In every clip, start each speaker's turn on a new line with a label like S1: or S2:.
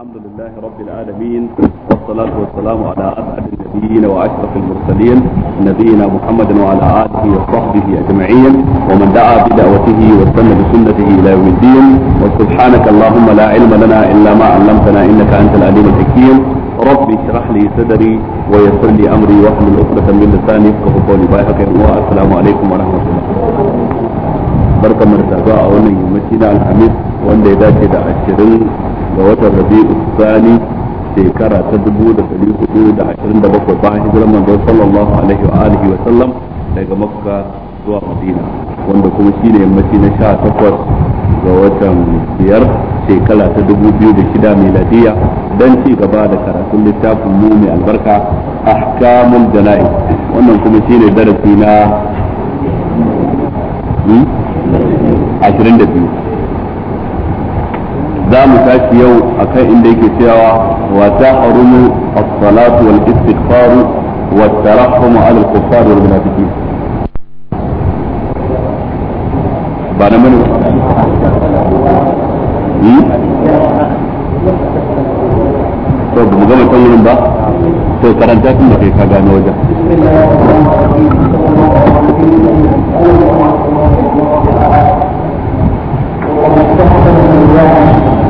S1: الحمد لله رب العالمين والصلاة والسلام على أسعد النبيين وأشرف المرسلين نبينا محمد وعلى آله وصحبه أجمعين ومن دعا بدعوته واستنى بسنته إلى يوم الدين وسبحانك اللهم لا علم لنا إلا ما علمتنا إنك أنت العليم الحكيم رب اشرح لي صدري ويسر لي أمري واحلل عقدة من لساني يفقه قولي بايعك السلام عليكم ورحمة الله بركة من التابعة ومن يمشينا الحميد وأن إذا دا عشرين ga watan rabi'u tsani shekara ta dubu da ɗari hudu da ashirin da bakwai bayan hijirar manzon sallallahu alaihi wa alihi wa sallam daga makka zuwa madina wanda kuma shine yammaci na sha takwas ga watan biyar shekara ta dubu biyu da shida miladiya dan ci gaba da karatun littafin mu mai albarka ahkamul jana'i wannan kuma shine darasi na hmm? ashirin da biyu za mu tashi yau akan inda yake cewa wa ta harumu as-salatu wal istighfaru wa tarahhum ala al-kuffar wal munafiqin ba na mani to ba mu gama tsayin ba to karanta tun da kai ka gano wajen
S2: Thank you.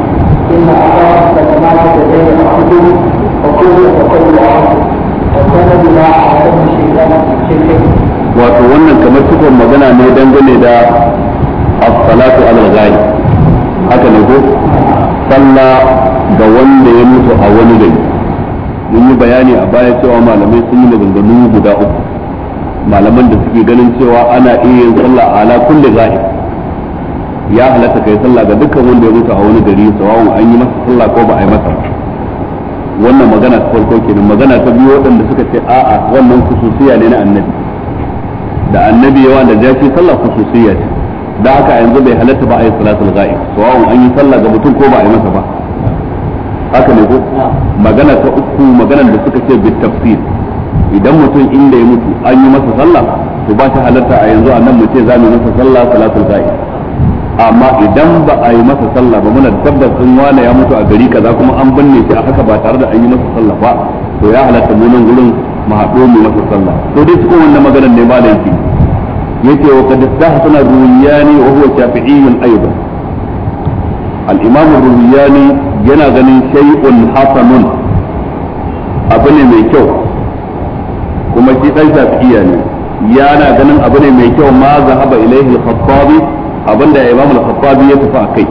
S2: إن
S1: wato wannan kamar cikon magana ne dangane da as-salatu haka ne ko salla da wanda ya mutu a wani gari mun yi bayani a baya cewa malamai sun yi maganganu guda uku malaman da suke ganin cewa ana iya yin sallah ala kulli ghaib ya halatta kai sallah ga dukkan wanda ya mutu a wani gari sawawun an yi masa sallah ko ba a yi masa wannan magana ta farko kenan magana ta biyu waɗanda suka ce a'a wannan kususiya ne na annabi da annabi yawa da jashi sallah kususiya ce da haka yanzu bai halatta ba a yi salatul ghaib sawawun an yi sallah ga mutum ko ba a yi masa ba haka ne ko magana ta uku maganar da suka ce bit tafsir idan mutum inda ya mutu an yi masa sallah to ba shi halatta a yanzu a nan mu ce za mu masa sallah salatul ghaib amma idan ba a yi masa sallah ba muna tabbas sun wane ya mutu a gari kaza kuma an binne shi a haka ba tare da an yi masa sallah ba to ya halatta mu nan gurin mu haɗo mu masa sallah to dai cikin wannan maganar ne malam ki yake wa kad sahsana ruwiyani wa huwa shafi'iyyun aidan al-imam ruwiyani yana ganin shay'un hasanun abu ne mai kyau kuma shi dan shafi'iyya ne yana ganin abu ne mai kyau ma zahaba ilaihi al-khattabi abinda imam al-khattabi ya tafi akai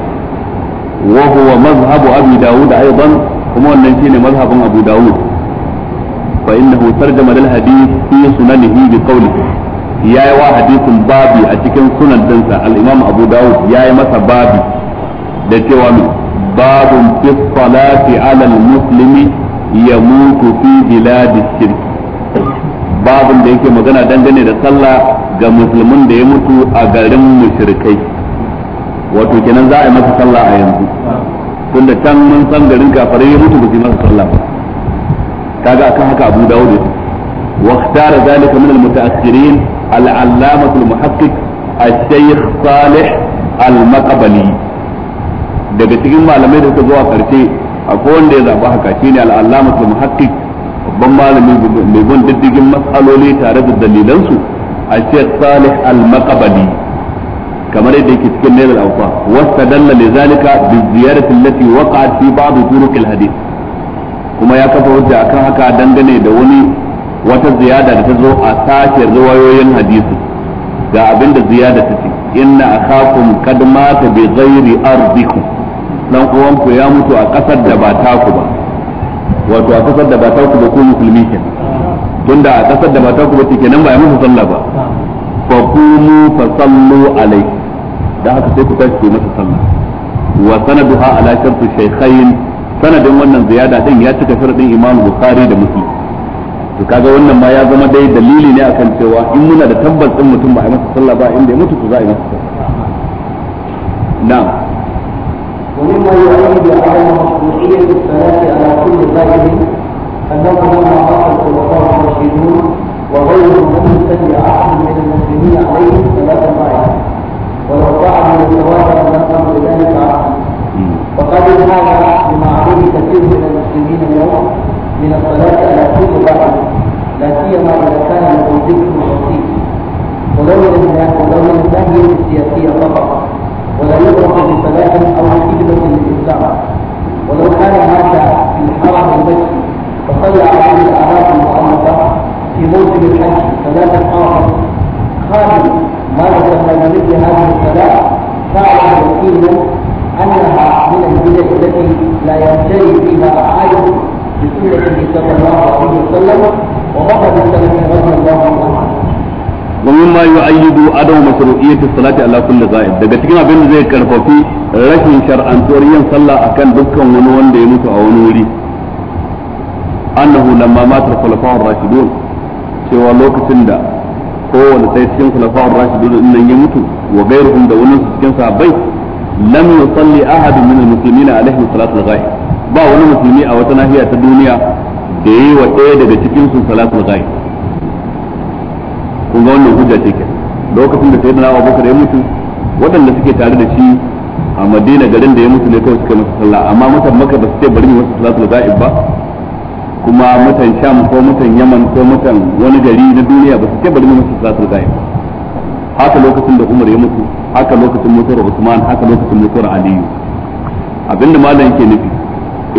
S1: wa huwa mazhabu abi daud aidan kuma wannan shine mazhabin abu daud fa innahu tarjama lil hadith fi sunanihi bi qawlihi yayi wa hadithun babi a cikin sunan dinsa al-imam abu daud masa babi da cewa min babun fi salati ala al-muslimi yamutu fi bilad shirk babun da yake magana dangane da sallah ga musulmin da ya mutu a garin mushrikai wato kenan za a yi masa sallah a yanzu tunda can mun san garin kafare ya mutu ba su masa sallah ba kaga akan haka Abu Dawud واختار ذلك من المتأخرين العلامة المحقق salih al المقبلي daga cikin malamai da suka zuwa karshe akwai wanda ya zaba haka shine al'allama su muhaqqiq babban malami mai bin diddigin matsaloli tare da dalilansu الشيخ صالح المقبلي كما يدعي كتكين نيل الأوصاف واستدل لذلك بالزيارة التي وقعت في بعض طرق الحديث kuma ya kafa hujja akan haka dangane da wani wata ziyada da ta zo a sake riwayoyin hadisi ga abinda da ziyada ta ce inna akhakum kad mata bi ghairi ya mutu a kasar da ba taku ba wato a kasar da ba taku ba tunda a kasar da mata kuma take nan ba ya masa sallah ba fa qumu fa sallu alai da haka sai ku tashi ku masa sallah wa sanaduha ala shartu shaykhain sanadin wannan ziyada din ya cika sharadin Imam Bukhari da Muslim to kaga wannan ma ya zama dai dalili ne akan cewa in muna da tabbas din mutum ba a masa sallah ba inda ya mutu ku za a yi masa na'am
S2: ومما يؤيد على da الصلاة على كل غائب أنهم لما قال الخلفاء الراشدون وغيرهم من سجل أحد من المسلمين عليهم ثلاث مرات ولو صعب من الثواب لم يقم بذلك عهدا وقد انحاز بما عليه كثير من المسلمين اليوم من الصلاة على كل بعض لا سيما إذا كان له ذكر بسيط ولو لله ولو للنهي السياسية فقط ولا يطلق بصلاة أو حجبة للإسلام ولو كان هذا في الحرم المسجد وصلى على عبد الأعراف المحمدة في موسم الحج ثلاثة آخر خادم ما يسمى بمثل هذه الصلاة فاعلم يقين أنها من البدع التي لا ينتهي فيها أحد بسنة النبي صلى الله عليه وسلم ومضى السلف رضي الله عنه
S1: ومما يؤيد yu'ayyidu adaw الصلاة على كل غائب ghaib daga cikin abin da zai karfafi rashin shar'antuwar yin sallah akan dukkan wani wanda ya mutu a wani wuri annahu lamma matar khulafa'ur rashidun cewa lokacin da kowane sai cikin khulafa'ur rashidun din nan ya mutu wa ghayruhum da wani cikin sahabbai lam yusalli ahadun min al-muslimin alaihi salatu al ba wani musulmi a wata nahiya ta duniya da yi wa ɗaya daga cikin su salatu lokacin da ya mutu waɗanda ke tare da shi a Madina garin da ya mutu ne kawai suka masa sallah amma mutan maka ba su ce bari mu masa ba kuma mutan sham ko mutan yaman ko mutan wani gari na duniya ba su ce bari mu musu salatul ghaib haka lokacin da umar ya mutu haka lokacin mutuwar usman haka lokacin mutuwar aliyu abinda malam yake nufi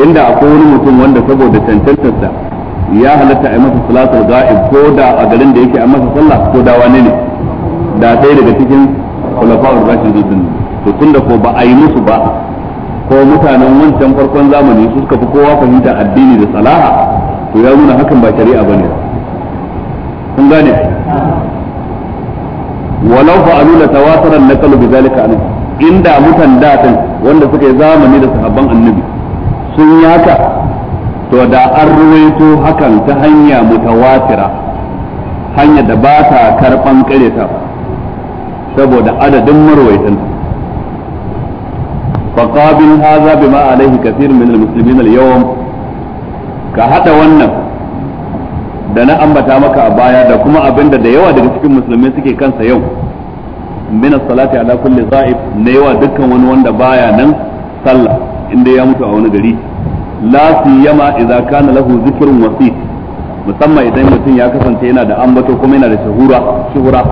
S1: inda akwai wani mutum wanda saboda sa ya halatta a masa salatul gaib ko da a garin da yake a masa sallah ko da wani ne da sai daga cikin khulafa'ur rashidun to tunda ko ba a yi musu ba ko mutanen wancan farkon zamani su suka fi kowa fahimta addini da salaha to ya nuna hakan ba shari'a bane kun gane walau fa'alu la tawataran naqalu zalika an inda mutan da kan wanda suka yi zamani da sahabban annabi sun yaka haka to da an ruwaito hakan ta hanya mutawatira hanya da ba ta karban kareta saboda adadin marwaitanta فقابل هذا بما عليه كثير من المسلمين اليوم كهذا wannan da na ambata maka a baya da kuma abinda da yawa daga cikin musulmai suke kansa yau min salati ala kulli za'ib na yawa dukkan wani wanda baya nan sallah inda ya mutu a wani gari la siyama idza kana lahu zikrun wasit musamman idan mutum ya kasance yana da ambato kuma yana da shahura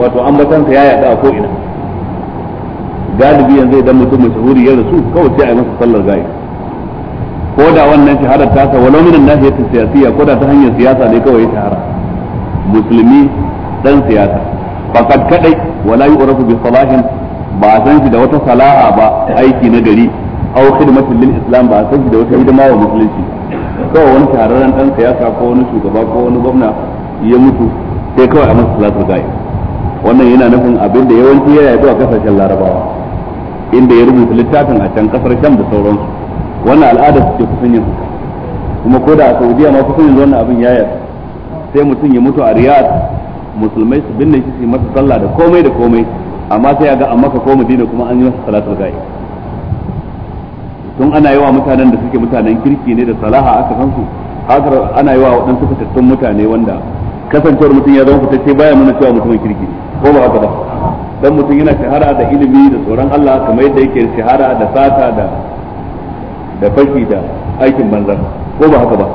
S1: wato ya yada ko ina galibi yanzu idan mutum mashahuri ya rasu kawai sai a yi masa sallar gayi ko da wannan shaharar ta sa walau minan nahiyati siyasiya ko da ta hanyar siyasa ne kawai ya shahara musulmi dan siyasa faqad kadai wala yi yu'rafu bi salahin ba a san shi da wata sala'a ba aiki na gari aw khidmatin lil islam ba a san shi da wata hidima wa musulunci kawai wani shahararren dan siyasa ko wani shugaba ko wani gwamna ya mutu sai kawai a masa salatul gaib wannan yana nufin abin da yawanci ya yaɗu kasashen larabawa inda ya rubuta littafin a can kasar sham da sauransu wannan al'ada suke kusan yin kuma ko da a saudiya ma kusan yanzu wannan abin ya'yar sai mutum ya mutu a riyad musulmai su binne shi su masa sallah da komai da komai amma sai ya ga a maka ko madina kuma an yi masa salatul gaib tun ana yawa mutanen da suke mutanen kirki ne da salaha aka san su haka ana yawa waɗansu fitattun mutane wanda kasancewar mutum ya zama fitacce baya mana cewa mutumin kirki ko ba haka ba don mutum yana shahara da ilimi da tsoron Allah kamar yadda yake shahara da sata da da fashi da aikin banza ko ba haka ba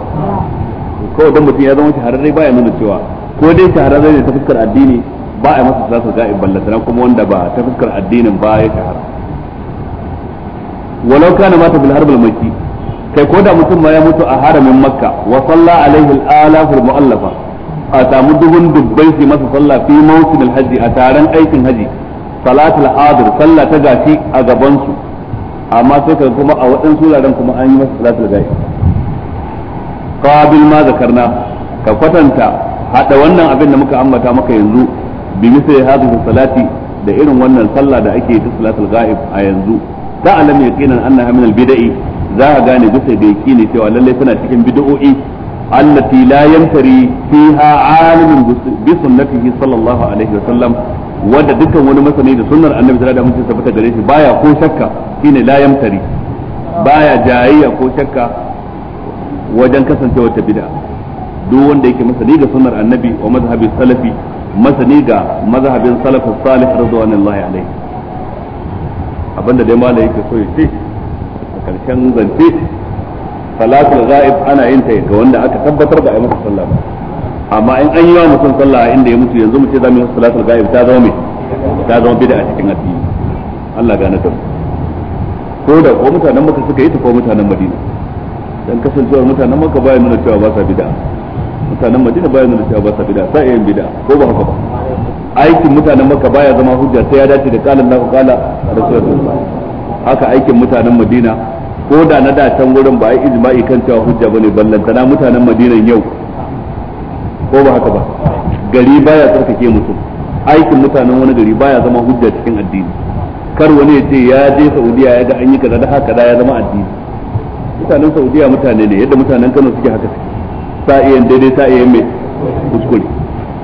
S1: ko don mutum ya zama shahararre baya nuna cewa ko dai shahararre ne ta fuskar addini ba a masa su ga'in ballatana kuma wanda ba ta fuskar addinin ba ya shahara walau kana mata bil harbal makki kai ko da mutum ma ya mutu a haramin makka wa salla alaihi al-alaful mu'allafa a samu dubun dubbai su masa sallah fi mawsim a taron aikin haji salatul adir sallah ta gashi a gaban su amma sai ka kuma a waɗansu wuraren kuma an yi masa salatul gashi qabil ma zakarna ka kwatanta hada wannan abin da muka ambata maka yanzu bi misali hadhihi salati da irin wannan sallah da ake ta salatul ghaib a yanzu da alam yakinan annaha min al za ka gane bisa da yaqini cewa lalle tana cikin bid'o'i allati la yantari fiha alimin bi sunnatihi sallallahu alaihi wa sallam wanda dukkan wani masani da sunnar annabi sallallahu alaihi wasallam tabbata gare shi baya ko shakka shine la yamtari baya jayayya ko shakka wajen kasancewa ta bid'a duk wanda yake masani ga sunnar annabi wa mazhabi salafi masani ga mazhabin salafus salih radhiyallahu alaihi abinda dai malai yake so ya ce a karshen zance salatul ghaib ana yin ta ga wanda aka tabbatar da ai masa sallah ba amma in an yi wa mutum sallah inda ya mutu yanzu mu ce za mu yi salatul ghaib ta zama me ta zama bid'a a cikin addini Allah gane ta ko da ko mutanen maka suka yi ta ko mutanen Madina dan kasancewar mutanen maka baya nuna cewa ba sa bid'a mutanen Madina baya nuna cewa ba sa bid'a sai yin bid'a ko ba haka ba aikin mutanen maka baya zama hujja sai ya dace da qala ka qala rasulullah haka aikin mutanen Madina ko da na da can wurin ba yi ijma'i kan cewa hujja bane ballantana mutanen madinan yau ko ba haka ba gari baya tsarkake mutum aikin mutanen wani gari baya zama hujja cikin addini kar wani ya ce ya je saudiya ya ga an yi kaza da haka da ya zama addini mutanen saudiya mutane ne yadda mutanen kano suke haka suke sa'iyan daidai sa'iyan mai kuskure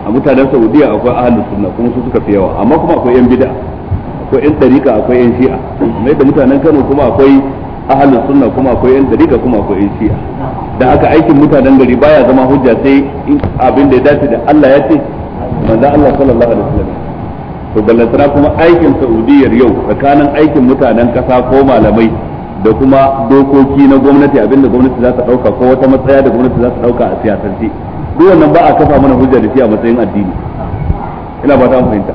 S1: a mutanen saudiya akwai ahalin sunna kuma su suka fi yawa amma kuma akwai yan bid'a akwai yan dariƙa akwai yan shi'a mai da mutanen kano kuma akwai ahalin sunna kuma akwai yan dariƙa kuma akwai yan shi'a da haka aikin mutanen gari baya zama hujja sai abin da ya dace da Allah ya ce manzo Allah sallallahu alaihi wasallam to ballantana kuma aikin Saudiyyar yau tsakanin aikin mutanen kasa ko malamai da kuma dokoki na gwamnati abinda gwamnati za ta dauka ko wata matsaya da gwamnati za ta dauka a siyasance duk wannan ba a kafa mana hujja da shi a matsayin addini ina ba ta fahimta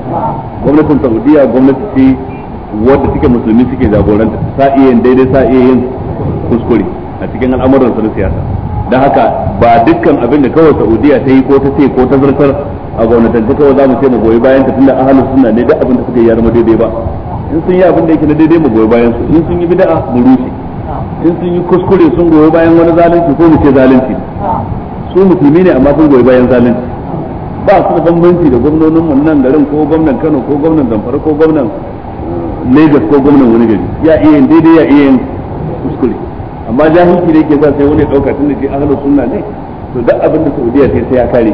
S1: gwamnatin Saudiya gwamnati ce wanda suke musulmi suke jagoranta sa iya yin daidai sa iya yin kuskure a cikin al'amuran na siyasa don haka ba dukkan abin da kawai saudiya ta yi ko ta ce ko ta zartar a gwamnatance kawai za mu ce mu goyi bayan ta da ahalin suna ne duk abin da suka yi ya zama daidai ba in sun yi abin da yake na daidai mu goyi bayan su in sun yi bid'a mu rushe in sun yi kuskure sun goyi bayan wani zalunci ko mu ce zalunci su musulmi ne amma sun goyi bayan zalunci ba su da bambanci da gwamnonin wannan garin ko gwamnan Kano ko gwamnan Zamfara ko gwamnan Legas ko gwamnan wani gari ya iya yin daidai ya iya yin kuskure amma jahilci da yake za sai wani dauka tun da shi ahlus sunna ne to duk abin da Saudiya sai sai ya kare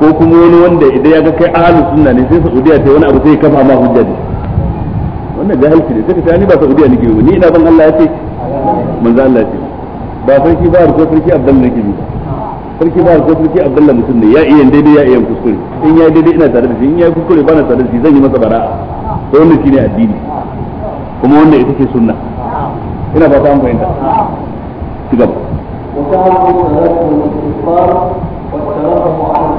S1: ko kuma wani wanda idan ya ga kai ahlus sunna ne sai Saudiya sai wani abu sai ya kafa ma hujja ne wannan jahilci ne sai ka ni ba Saudiya nake ba ni ina ban Allah ya ce manzo Allah ya ce ba sarki ba ko sarki Abdullahi nake yi sarki ba ko sarki Abdullahi mutum ne ya iya daidai ya iya kuskure in ya daidai ina tare da shi in ya kuskure ba na tare da shi zan yi masa bara'a to wannan shine addini kuma wannan ita ce sunna ina ba ta an fahimta ci gaba
S2: وكانوا ثلاثة من الكفار والتوقف عن الله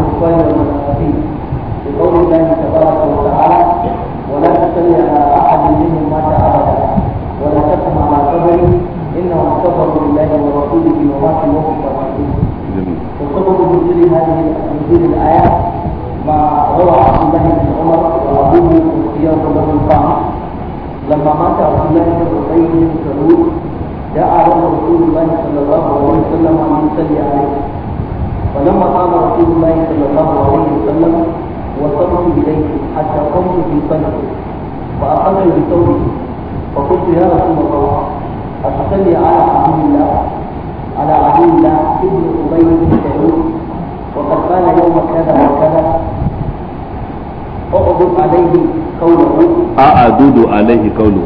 S2: تبارك وتعالى ولا على احد منهم ولا كفروا بالله ورسوله وسبب نزول هذه الايات ما روى عبد الله بن عمر وابوه يوم له قام لما مات عبد الله بن ابي بن سلول جاء رسول الله صلى الله عليه وسلم ان يصلي عليه فلما قام رسول الله صلى الله عليه وسلم وصلت اليه حتى قمت في صدره فاخذني بثوبه فقلت يا رسول الله اتصلي على عبد الله على عبد الله ابن ابي بن سلول وقد قال يوم كذا وكذا اغضب عليه قوله عليه قوله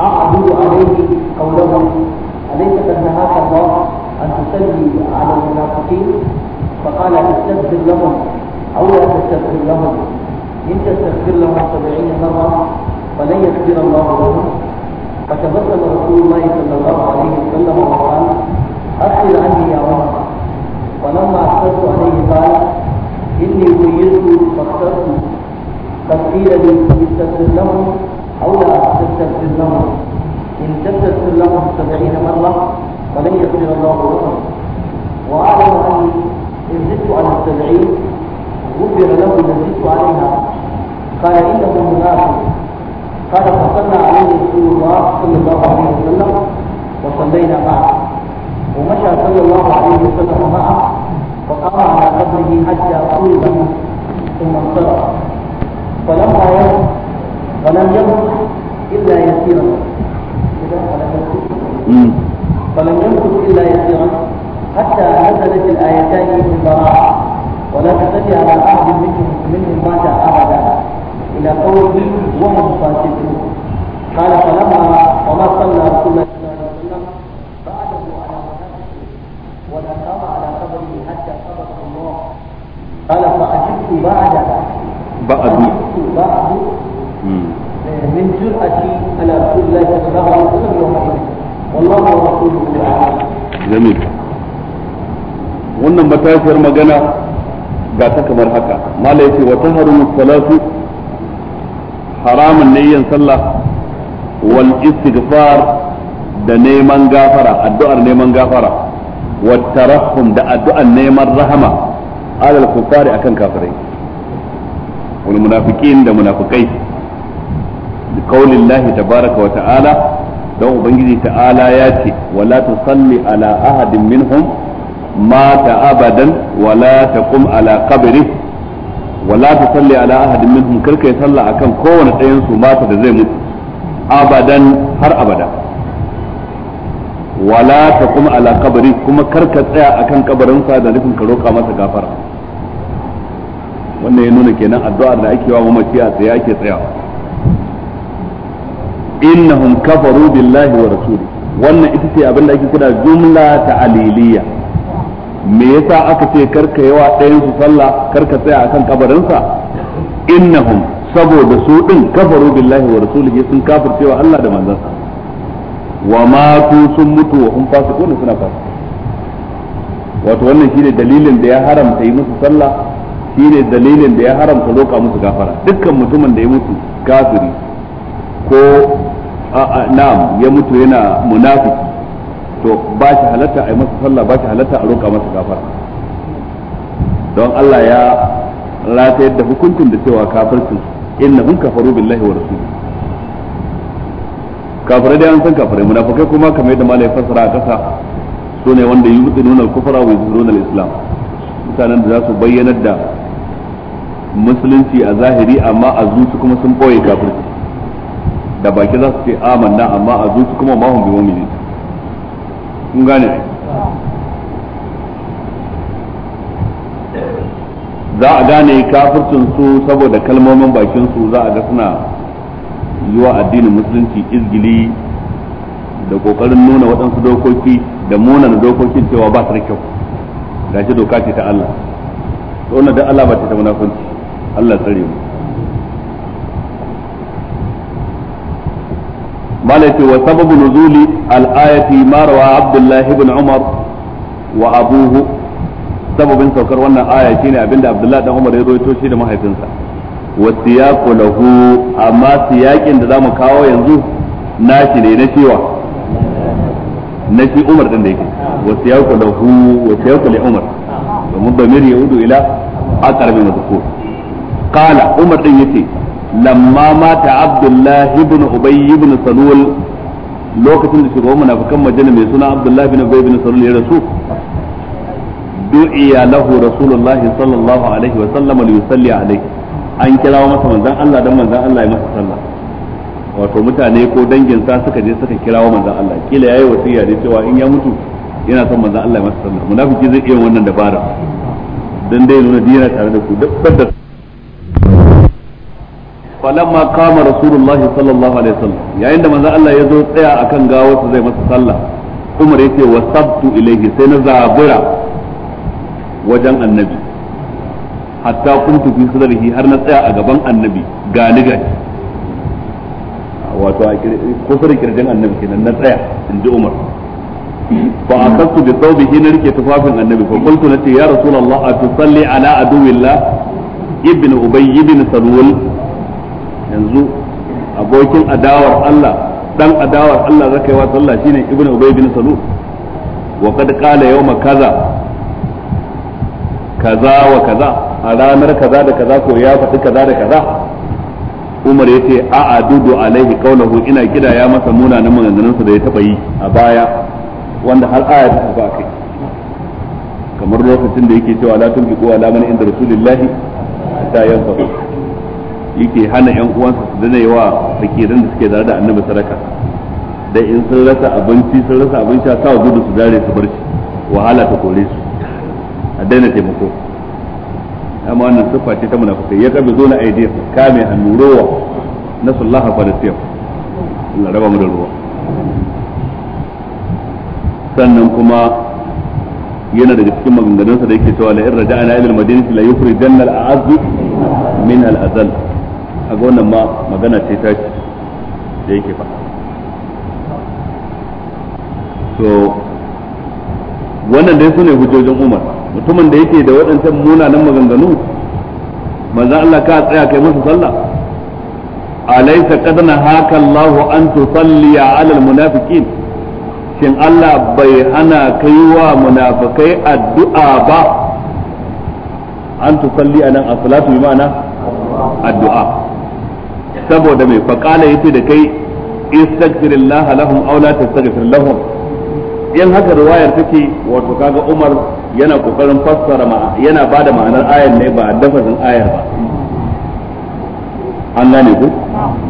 S2: أعدد عليه قوله أليس قد الله أن تسلي على المنافقين فقال استغفر لهم أو لا تستغفر لهم إن تستغفر لهم سبعين مرة فلن يغفر الله لهم فتبسم رسول الله صلى الله عليه وسلم وقال أخر عني يا رب فلما أخذت عليه قال إني غيرت فاخترت فقيل لي استغفر لهم أو لا تستغفر لهم إن تستغفر لهم سبعين مرة فلن يغفر الله لهم وأعلم أني إن زدت على السبعين غفر له ان زدت عليها قال إنه منافق قال فصلى عليه رسول الله صلى الله عليه وسلم وصلينا معه ومشى صلى الله عليه وسلم معه وقام على قبره حتى قلبه ثم انصرف فلم يمكث إلا يسيرا فلم يمكث إلا يسيرا حتى نزلت الآيتان من البراءة ولا تستطيع على أحد منهم مات أبدا إلى قوله وهم فاسقون
S1: matashiyar magana ga ta kamar haka mala yace wa salatu haramun ne yin sallah wal istighfar da neman gafara addu'ar neman gafara wa tarahum da addu'ar neman rahama alal kufari akan kafirai wal munafiqin da munafikai bi qaulillahi tabaaraka wa ta'ala dan ubangiji ta'ala ya ce wala tusalli ala ahadin minhum mata abadan wala taqum ala qabrihi wala tusalli ala ahadin minhum karka ya salla akan kowane ɗayan mata da zai mutu abadan har abada wala taqum ala qabri kuma karka tsaya akan kabarinsa da nufin ka roka masa gafara wannan ya nuna kenan addu'ar da ake wa mamaci a tsaye ake tsayawa innahum wa wannan ita ce abin da ake kira jumla ta'aliliya me yasa aka ce karka yawa ɗayan su sallah karka tsaya akan kabarinsa innahum saboda su din kafaru billahi wa rasulihi sun kafircewa Allah da manzansa wa matu sun mutu wa hum fasiqun suna fasiki wato wannan shine dalilin da ya haramta yi musu sallah shine dalilin da ya haramta roƙa musu gafara dukkan mutumin da ya mutu kafiri ko a'a na'am ya mutu yana munafiki to ba shi halatta a yi masa sallah ba shi halatta a roƙa masa gafara don Allah ya ratayar da hukuncin da cewa kafircin hun kafaru billahi wa rasul kafirai dai an san kafirai munafikai kuma kamar yadda malai fasara a kasa su ne wanda yubtinuna nuna kufara wa yuzhiruna al-islam mutanen da za su bayyanar da musulunci a zahiri amma a zuci kuma sun ɓoye kafirci da baki za su ce amanna amma a zuci kuma mahum bi mu'minin kun gane za a gane kafircin su saboda kalmomin bakin su za a ga suna yi wa addinin musulunci izgili da kokarin nuna waɗansu dokoki da munana dokokin cewa ba su da kyau gashi doka ce ta Allah to wannan da Allah ba ta ta munafunci Allah tsare mu malaka wa sababu nuzuli al-ayati ma rawa Abdullah ibn Umar wa abuhu sababin saukar wannan aya shine abinda Abdullah dan Umar ya rawaito shi da mahaifinsa wa siyaqu lahu amma siyaqin da zamu kawo yanzu nashi ne na cewa na shi Umar din da yake wa siyaqu lahu wa siyaqu li Umar ila Umar lamma mata abdullahi ibn ubay ibn salul lokacin da shugaban munafikan madina mai suna abdullahi ibn ubay ibn salul ya rasu du'iya lahu rasulullahi sallallahu alaihi wa sallam li yusalli alaihi an kirawo masa manzon Allah dan manzon Allah ya masa sallah wato mutane ko dangin sa suka je suka kirawo manzon Allah kila yayi wasiya da cewa in ya mutu yana son manzon Allah ya masa sallah munafiki zai iya wannan dabara dan dai nuna dina tare da ku duk da falamma kama rasulullahi sallallahu alaihi wasallam yayin da manzon Allah ya zo tsaya akan gawarsa zai masa sallah Umar yace wasabtu ilaihi sai na zabura wajen annabi hatta kuntu fi sadrihi har na tsaya a gaban annabi gani wato a kusa kirjin annabi kenan na tsaya in ji Umar fa akastu bi thawbihi na rike tufafin annabi fa qultu lati ya rasulullah atusalli ala aduwillah ibn ubay ibn salul yanzu abokin adawar Allah dan adawar Allah zaka yi wa sallah shine ibn ubay bin salul wa qad qala yawma kaza kaza wa kaza a ranar kaza da kaza ko ya faɗi kaza da kaza Umar ya ce a adudu alaihi qawluhu ina kida ya masa munanan maganganunsa da ya taba yi a baya wanda har aya ta ba kai kamar lokacin da yake cewa la tunfiqu ala man inda rasulillahi ta yanfa yake hana yan uwansa su dana yawa fakirin da suke tare da annabi sadaka da in sun rasa abinci sun rasa abinci a sawa gudu su dare su barci wahala ta kore su a daina taimako amma wannan siffa ce ta munafikai ya kabe zo na aidiya kame a nurowa na hannu rowa nasallaha falasiyam Allah raba mu da ruwa sannan kuma yana daga cikin maganganunsa da yake cewa la in raja'na ila madinati la yukhrijanna al-a'azzu min al'azal azal kaga wannan ma magana ce ta da yake faɗa to wannan dai sune hujjojin Umar mutumin da yake da waɗancan munanan maganganu manzo Allah ka tsaya kai masa sallah alaysa qad nahaka Allah an tusalli ala almunafiqin shin Allah bai hana kai wa munafikai addu'a ba an tusalli anan as-salatu bi ma'ana addu'a saboda mai faqala yace da kai istaghfirullah lahum aw la tastaghfir lahum in haka riwayar take wato kaga Umar yana kokarin fassara ma yana bada ma'anar ayar ne ba lafazin ayar ba an gane ku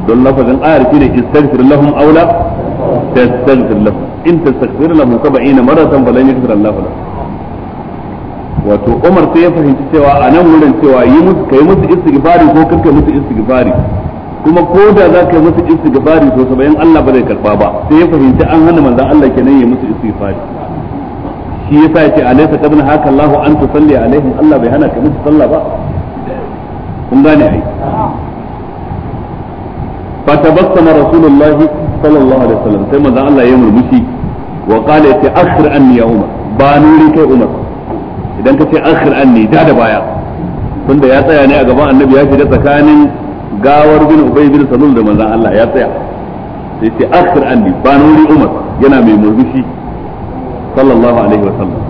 S1: don lafazin ayar shine istaghfir lahum aw la tastaghfir lahum in tastaghfir lahum 70 maratan falan yaghfir Allah lahum wato Umar sai ya fahimci cewa a nan wurin cewa yi musu kai musu istighfari ko kai musu istighfari kuma ko da za ka yi musu istighfari to saba'in Allah ba zai karba ba sai ya fahimci an hana manzon Allah kenan ya musu istighfari shi ya yasa yace alaysa qabla haka Allahu an tusalli alaihim Allah bai hana ka musu sallah ba kun gane ai fa tabassama rasulullah sallallahu alaihi wasallam sai manzon Allah ya murmushi wa qala yace akhir anni ya umar ba nuri kai umar idan ka ce akhir anni da da baya tunda ya tsaya ne a gaban annabi ya shiga tsakanin gawar bin ubay bin salul da manzon Allah ya tsaya sai ce akhir anni ba nuri umar yana mai murmushi sallallahu alaihi wa sallam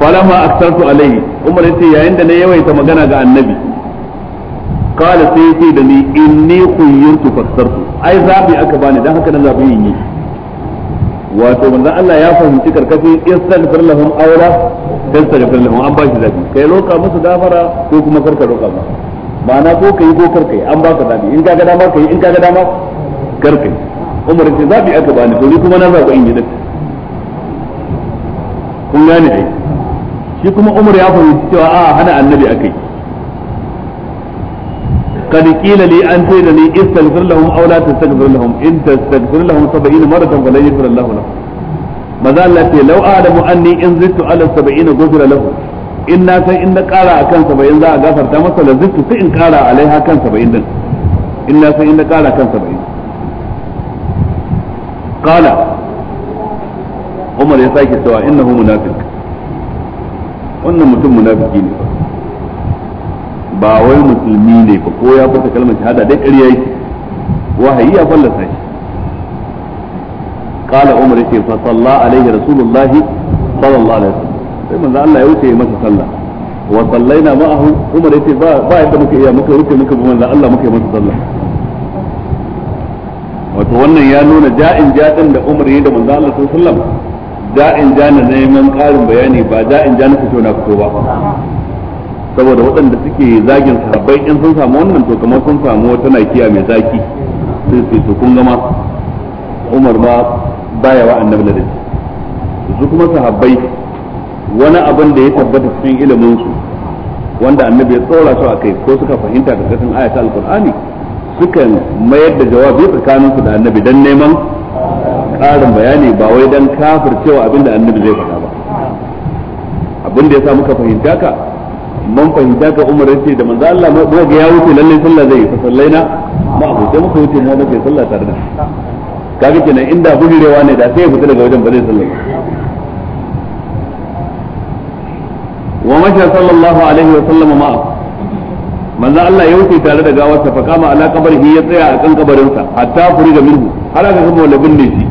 S1: falamma aktartu alaihi umar yace yayin da na yawaita magana ga annabi qala sai yace da ni inni khuyyirtu faktartu ai zabi aka bani dan haka nan zabi yin yi wato manzon Allah ya fahimci karkashin istaghfir lahum awla tastaghfir lahum an ba shi zabi kai roka musu gafara ko kuma karka roka musu ma'ana ko kai ko kar kai an baka zabi in kaga dama kai in kaga dama kar kai ce zabi aka bani to ni kuma na zabi in yi din kun gane dai shi kuma Umar ya fahimci cewa a hana annabi akai قد قيل لي أن تيل لي استغفر لهم أو لا تستغفر لهم إن تستغفر لهم سبعين مرة فلن يغفر الله لهم ماذا التي لو أعلم أني إن زدت على السبعين غفر لهم in na san in na kara akan 70 za a gafarta masa la zittu sai in kara alaiha kan 70 din in na san in na kara kan 70 qala Umar ya sake cewa innahu munafiq wannan mutum munafiki ne ba wai musulmi ne ba ko ya fata kalmar shahada dai ƙarya yake wahayi ya fallasa shi qala umar ya ce fa salla alaihi rasulullahi sallallahu alaihi wasallam sai manzo Allah ya wuce masa sallah wa sallaina ma'ahu Umar yace ba ba yadda muka iya muka wuce muka bi manzo Allah muka yi masa sallah wato wannan ya nuna ja'in jadin da Umar ya da manzo Allah sallallahu alaihi wasallam ja'in jana neman karin bayani ba ja'in jana ku tona ku ba saboda waɗanda suke zagin sahabbai in sun samu wannan to kamar sun samu wata nakiya mai zaki sai su to kun gama Umar ma baya wa annabi da su kuma sahabbai wani abin da ya tabbata cikin ilimin su wanda annabi ya tsora su akai ko suka fahimta da kasan ayata alkur'ani sukan mayar da jawabi tsakanin su da annabi dan neman ƙarin bayani ba wai dan kafir cewa abin da annabi zai faɗa ba abin da yasa muka fahimta ka mun fahimta ka umar ce da manzo Allah ma ga ya wuce lalle sallah zai fa sallaina ma abu sai muka wuce mu muke sallah tare da kaga kenan inda bugirewa ne da sai ya fita daga wajen ba zai sallah wa masha sallallahu alaihi wa sallama ma'a manzo Allah ya wuce tare da gawarsa fa kama ala qabrihi ya tsaya a kan kabarinsa hatta furi da minhu har aka gama labin ne shi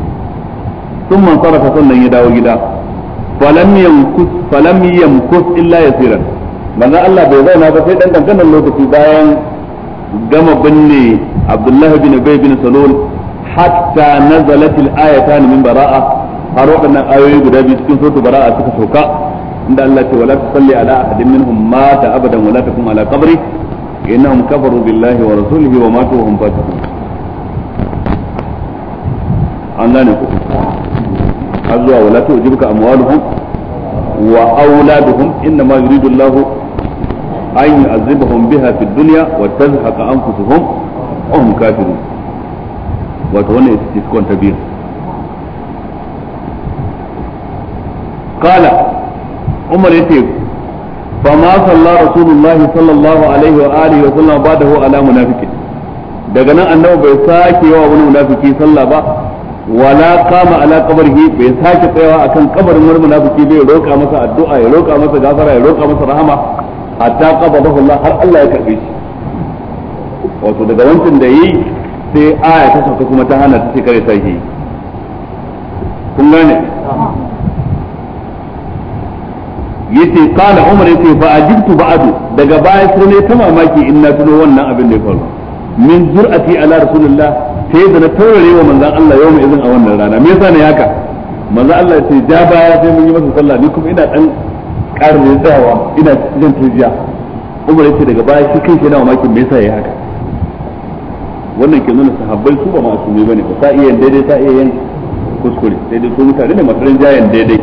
S1: sun man sarrafa sannan ya dawo gida falam yamkus illa ya illa yasiran manzo Allah bai zauna ba sai dan kankanin lokaci bayan gama binne Abdullah bin Ubay bin Salul hatta nazalat al-ayatan min bara'a har waɗannan ayoyi guda biyu cikin suratul bara'a suka sauka inda Allah ce wala tusalli ala ahadin minhum mata abadan wala takum ala qabri innahum kafaru billahi wa rasulihi wa matu wa hum fasiqun an ku wala tu'jibuka amwaluhum wa auladuhum inna ma yuridu Allah an yu'azzibahum biha fid dunya wa tazhaqa anfusuhum wa hum kafirun wato wannan ita ce umar yace fa ma salla rasulullahi sallallahu alaihi wa alihi wa sallam ba'dahu ala munafiqin daga nan annabi bai sake yawa wani munafiki sallah ba wala qama ala qabrihi bai sake tsayawa akan kabarin wani munafiki bai roka masa addu'a ya roka masa gafara ya roka masa rahama hatta qabadahu Allah har Allah ya karbe shi wato daga wancan da yi sai aya ta sauka kuma ta hana ta ce kare sai kun gane yace qala umar yace fa ajibtu ba'du daga baya sai ne ta mamaki in na tuno wannan abin da ya faru min jur'ati ala rasulillah sai da na taurare wa manzon Allah yau mai izin a wannan rana me yasa ne haka manzon Allah yace ja baya sai mun yi masa sallah ni kuma ina dan karin tsayawa ina cikin tijiya umar yace daga baya shi kai yana mamaki me yasa yayi haka wannan ke nuna sahabbai su ba masu ne bane ba sa iya daidai sa iya yin kuskure daidai su mutane ne masu rinjayen daidai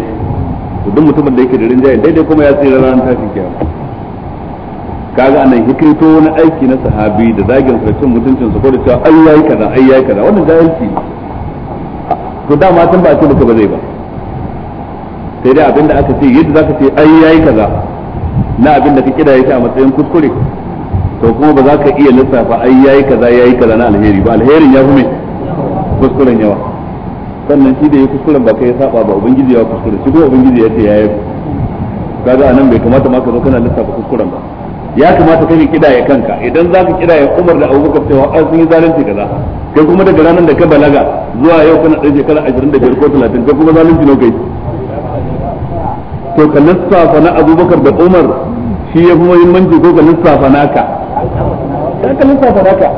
S1: to duk mutumin da yake da rinjaye daidai kuma ya tsira ranar tashin kiyama kaga anan hikirto wani aiki na sahabi da zagin sa cin mutuncin sa ko da cewa ai yayi kaza ai yayi kaza wannan jahilci to da ma san ba ce muka ba zai ba sai dai abinda aka ce yadda zaka ce ai yayi kaza na abinda ka kida yake a matsayin kuskure to kuma ba za ka iya lissafa ai yayi kaza yayi kaza na alheri ba alherin ya fi mai kuskuren yawa sannan shi da ya kuskuren ba kai ya saba ba ubangiji ya kuskure shi kuma ubangiji ya ce ya yi kaga nan bai kamata ma ka zo kana lissafa kuskuren ba ya kamata kai kida ya kanka idan za ka kida ya Umar da Abubakar cewa an sun yi zalunci kaza kai kuma daga ranar da ka balaga zuwa yau kana ɗan shekara 25 ko 30 kai kuma zalunci ne kai to ka lissafa na Abubakar da Umar shi ya fi muhimmanci ko ka lissafa naka ka lissafa naka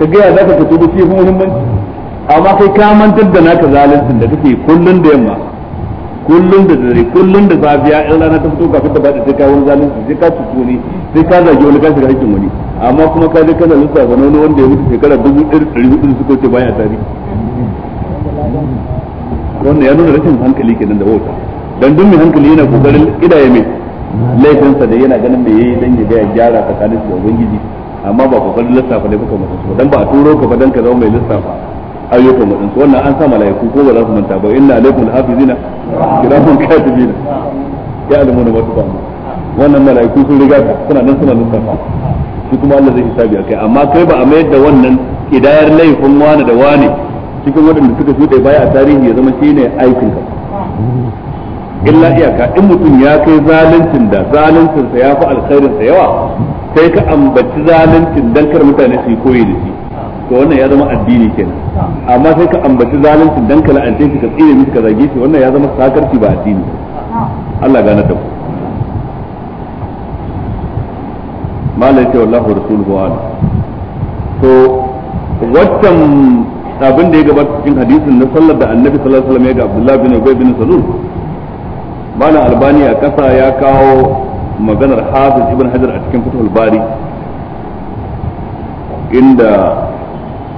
S1: ka ga ya zaka ka da shi ya fi muhimmanci amma kai ka mantar da naka zalincin da kake kullun da yamma kullun da dare kullun da safiya in rana ta fito kafin ta bada sai ka wani zalunci sai ka cutu ni sai ka zage wani ka shiga hakkin wani amma kuma ka je kana lissafa wani wanda ya mutu shekara dubu ɗari ɗari hudu suka wuce baya tari wannan ya nuna rashin hankali kenan da wauta dan duk mai hankali yana kokarin ya mai laifinsa da yana ganin da yayi dan ya ga ya gyara tsakanin da ubangiji amma ba kokarin lissafa ne baka mutu dan ba a turo ka ba dan ka zama mai lissafa ayyukan waɗansu wannan an sa mala'iku ko ba za su manta ba inna alaikum alhafizina kiramun katibina ya alimuna ma tufamu wannan mala'iku sun riga suna nan suna lissafa shi kuma Allah zai hisabi akai amma kai ba a mayar da wannan kidayar laifin wani da wani cikin waɗanda suka shuɗe baya a tarihi ya zama shi ne aikin ka illa iyaka in mutum ya kai zaluncin da zaluncinsa ya fi alkhairinsa yawa sai ka ambaci zaluncin dan kar mutane su yi koyi da shi to wannan ya zama addini kenan amma sai ka ambaci zalunci dan ka la'ance shi ka tsire mishi ka zage shi wannan ya zama sakarci ba addini Allah gane da ku malai ce wallahu rasuluhu ala to waccan abin da ya gabata cikin hadisin na sallar da annabi sallallahu alaihi wasallam ya ga abdullahi bin Ubay bin Salul bana albani a kasa ya kawo maganar hafiz ibn hajar a cikin fathul bari inda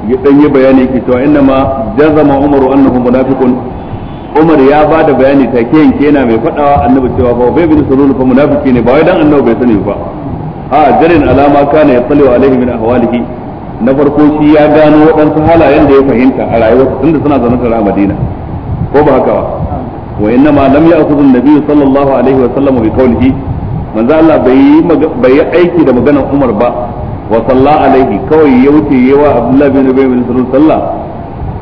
S1: ya dan yi bayani yake cewa inna ma jazama umaru annahu munafiqun umar ya ba da bayani ta ke yanke yana mai fadawa annabi cewa ba bai bin sulul fa munafiki ne ba wai dan annabi bai sani ba a jarin alama kana ya tsalewa alaihi min ahwalihi na farko shi ya gano waɗansu halayen da ya fahimta a rayuwarsa tunda suna zaune tare a Madina ko ba haka ba wa inna ma lam ya'khudhu an-nabi sallallahu alaihi wa sallam bi qawlihi manzo Allah bai yi aiki da maganar Umar ba wa salla alaihi kawai ya wuce yawa abdullahi bin ubay bin salul sallah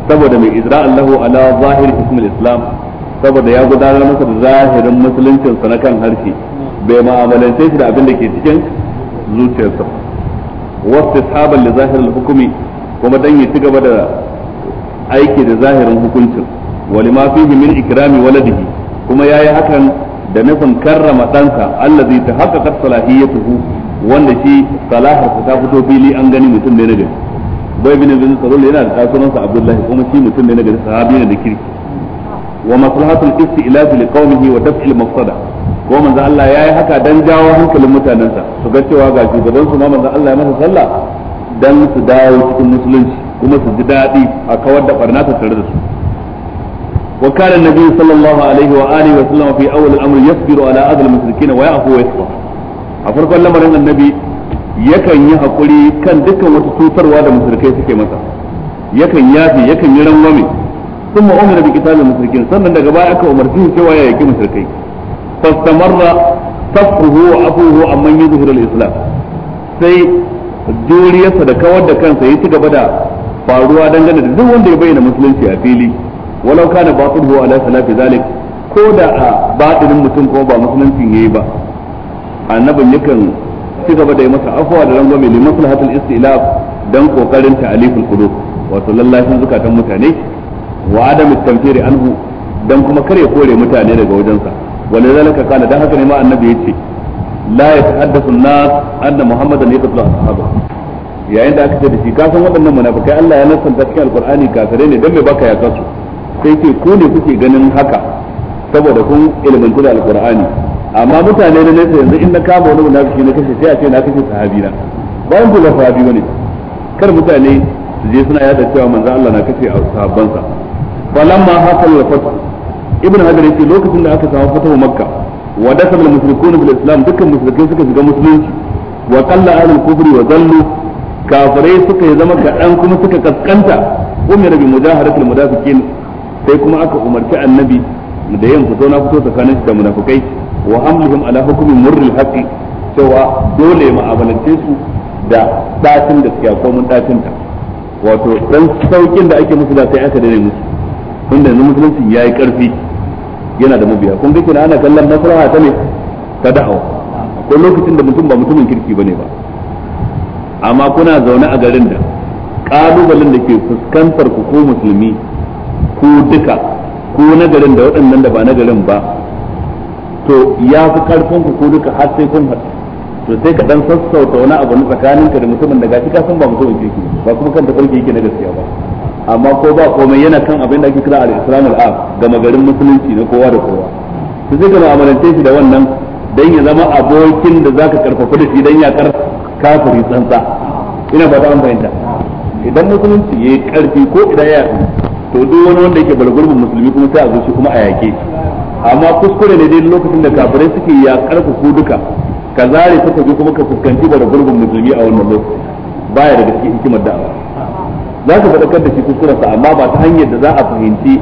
S1: saboda mai izra Allahu ala zahir hukm islam saboda ya gudanar masa da zahirin musuluncin sa na kan harshe bai ma'amalance shi da abin da ke cikin zuciyarsa wasu sahaban da zahirin hukumi kuma dan ya ci gaba da aiki da zahirin hukuncin walima fihi min ikrami waladihi kuma yayi hakan da nufin karrama ɗansa allazi tahaqqaqat salahiyatuhu wanda shi salahar ta fito fili an gani mutum ne na gari bai bin bin salul yana da sunansa abdullahi kuma shi mutum ne na gari sahabi ne da kirki wa maslahatul istilaf li qaumihi wa daf'il mafsada ko manzo Allah yayi haka dan jawo hankalin mutanansa su ga cewa ga shugaban su ma manzo Allah ya masa sallah dan su dawo cikin musulunci kuma su ji dadi a kawar da barna ta tare da su wa kana annabi sallallahu alaihi wa alihi wa sallam fi awwal al-amr yasbiru ala adl al-mushrikeena wa ya'fu a farkon lamarin annabi yakan yi hakuri kan dukkan wata cutarwa da musulkai suke masa yakan yafi yakan yi rangwame sun ma'amala bi da musulkin sannan daga baya aka umarci cewa ya yaki musulkai fastamarra tafkuhu wa afuhu yi yuzhiru al-islam sai juriyarsa da kawar da kansa ya ci gaba da faruwa dangane da duk wanda ya bayyana musulunci a fili walau kana batiluhu ala salafi zalik ko da a batinin mutum kuma ba musuluncin yayi ba annabin yakan ci gaba da yi masa afuwa da rangwame li maslahatul istilaf dan kokarin ta'aliful qulub wato lallashin zukatan mutane wa adam tamfiri anhu dan kuma kare kore mutane daga wajensa walidhalika kana dan haka ne ma annabi yace la yatahaddathu an-nas anna muhammadan yaqtulu ashabahu yayin da aka ce da shi kasan waɗannan munafikai Allah ya da cikin alqur'ani kafirai ne dan me baka ya kasu sai ce ku ne kuke ganin haka saboda kun ilmantu da alqur'ani amma mutane na nesa yanzu in na kama wani munafiki na kashe sai a ce na kashe sahabi na bayan ba sahabi bane kar mutane su je suna yada cewa manzo Allah na kashe a sahabbansa falamma hasal al-fath ibn hajar yake lokacin da aka samu fatawa makka wa dakal al-mushrikuna bil islam dukkan mushrikai suka shiga musulunci wa qalla ahlul kufri wa zallu kafirai suka yi zama kaɗan kuma suka kaskanta umira bi mujaharatil mudafiqin sai kuma aka umarci annabi da yin fito na fito tsakanin da munafikai wa hamlihim ala hukmin murril haqqi cewa dole mu'amalance su da dacin da suke ko mun dacin ta wato dan saukin da ake musu da sai aka dare musu tunda yanzu musulunci ya yi karfi yana da mabiya kun dake ana kallon maslaha ta ne ta da'awa akwai lokacin da mutum ba mutumin kirki ba ne ba amma kuna zaune a garin da kalubalen da ke fuskantar ku ko musulmi ko duka ko na garin da waɗannan da ba na garin ba to ya fi karfin ku ko duka har sai kun haɗu to sai ka dan sassauta wani abu na ka da mutumin da gashi ka san ba mutumin kirki ba kuma kan tafarki yake na gaskiya ba amma ko ba komai yana kan abin da ake kira al-islam al-am gama musulunci na kowa da kowa to sai ka mu'amalance shi da wannan dan ya zama abokin da zaka karfafa da shi dan ya kar kafiri tsantsa ina ba ta an bayyana idan musulunci yayi karfi ko idan ya to duk wani wanda yake bargurbin musulmi kuma sai a zo shi kuma a yake shi amma kuskure ne dai lokacin da kafirai suke ya karfa ku duka ka zare ta kaje kuma ka fuskanci bara gurbin musulmi a wannan lokaci baya daga cikin hikimar da'awa za ka faɗakar da shi kuskuren sa amma ba ta hanyar da za a fahimci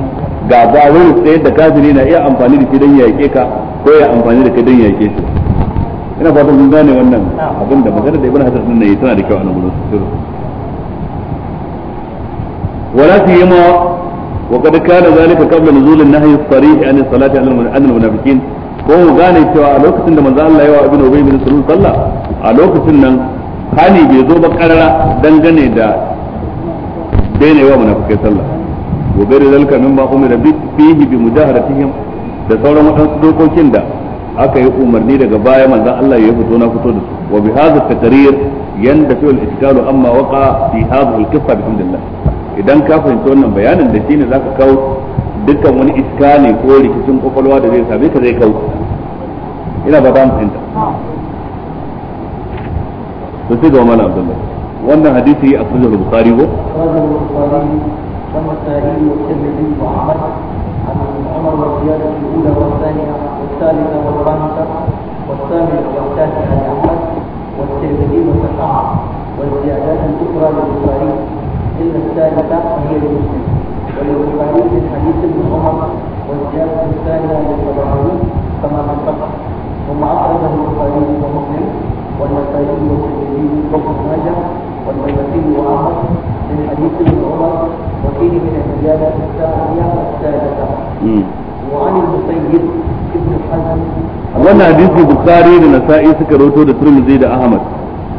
S1: ga ba wani tsaye da kafiri na iya amfani da shi don yaƙe ka ko ya amfani da kai don yaƙe shi ina fatan kun gane wannan abin da magana da ibn hasan nan yayi tana da kyau a nan gurin wala su yi وقد كان ذلك قبل نزول النهي الصريح عن الصلاة على المنافقين ko mu gane cewa a lokacin da manzo Allah ya wa ibnu ubay bin sulul sallah a lokacin nan hani bai zo ba karara dangane da daina yawa munafikai sallah wa bai zalika mimma bi bi da sauran wadansu dokokin da aka yi umarni daga baya manzo Allah ya fito na fito da su wa bi hadha at-taqrir yanda fi al-iskalu amma waqa fi hadha al-kiffa bi idan ka fahimci wannan bayanin da shine zaka kawo dukkan wani iska ne ko rikicin kwakwalwa da zai same ka zai kawo ina ba ta fahimta to sai ga malam abdullahi wannan hadisi a kullu bukhari ko
S2: عن عمر وزيادة الأولى والثانية والثالثة والخامسة والثامنة والتاسعة الكلمة الثالثة هي لمسلم وللبخاري من حديث ابن عمر والزيادة الثانية للطبراني كما انتقى ثم اخرج البخاري ومسلم والنسائي والترمذي وابن ماجه والبيهقي وأحمد من حديث ابن عمر وفيه من الزيادة الثانية الثالثة وعن المسيب ابن حزم wannan hadisi bukhari
S1: da nasa'i suka rawaito da turmizi da ahmad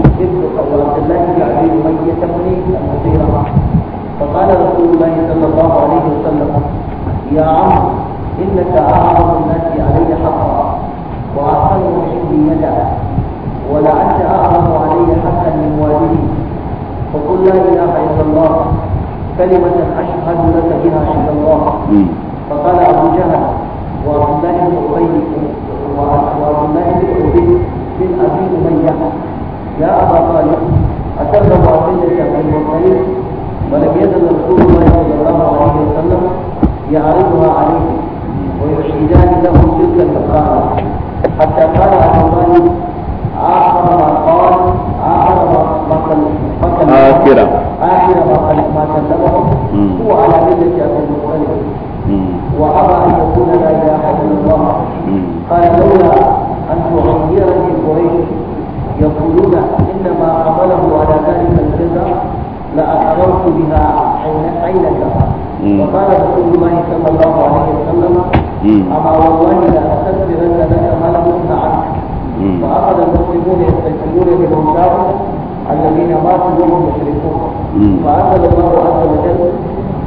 S2: ابن او عبد الله يعبد من يتمني ان فقال رسول الله صلى الله عليه وسلم يا عم انك اعظم الناس علي حقا وأحسن عندي مدى ولعلك اعظم علي حقا من والدي فقل لا اله الا الله كلمه اشهد لك بها عند الله فقال ابو جهل وعبد الله بن ابي وعبد الله بن ابي بن ابي اميه يا أبا طالب أترغب عقيدة المرسلين ولم يزل رسول الله صلى الله عليه وسلم يعرضها عليه ويشهدان له تلك الفقارة حتى قال أبو طالب آخر ما قال آخر ما قال آخر آخر ما قال ما كلمهم هو على ملة أبي المطلب وأبى أن يكون لا إله إلا الله قال لولا أن تغيرني قريش يقول إنما حمله على ذلك الجزاء لأقررت بها عين الجزاء وقال رسول الله صلى الله عليه وسلم أما والله لأستغفرن لك ما لم أنت فأخذ المسلمون يستجيبون بموتاهم الذين ماتوا وهم مشركون فأنزل الله عز وجل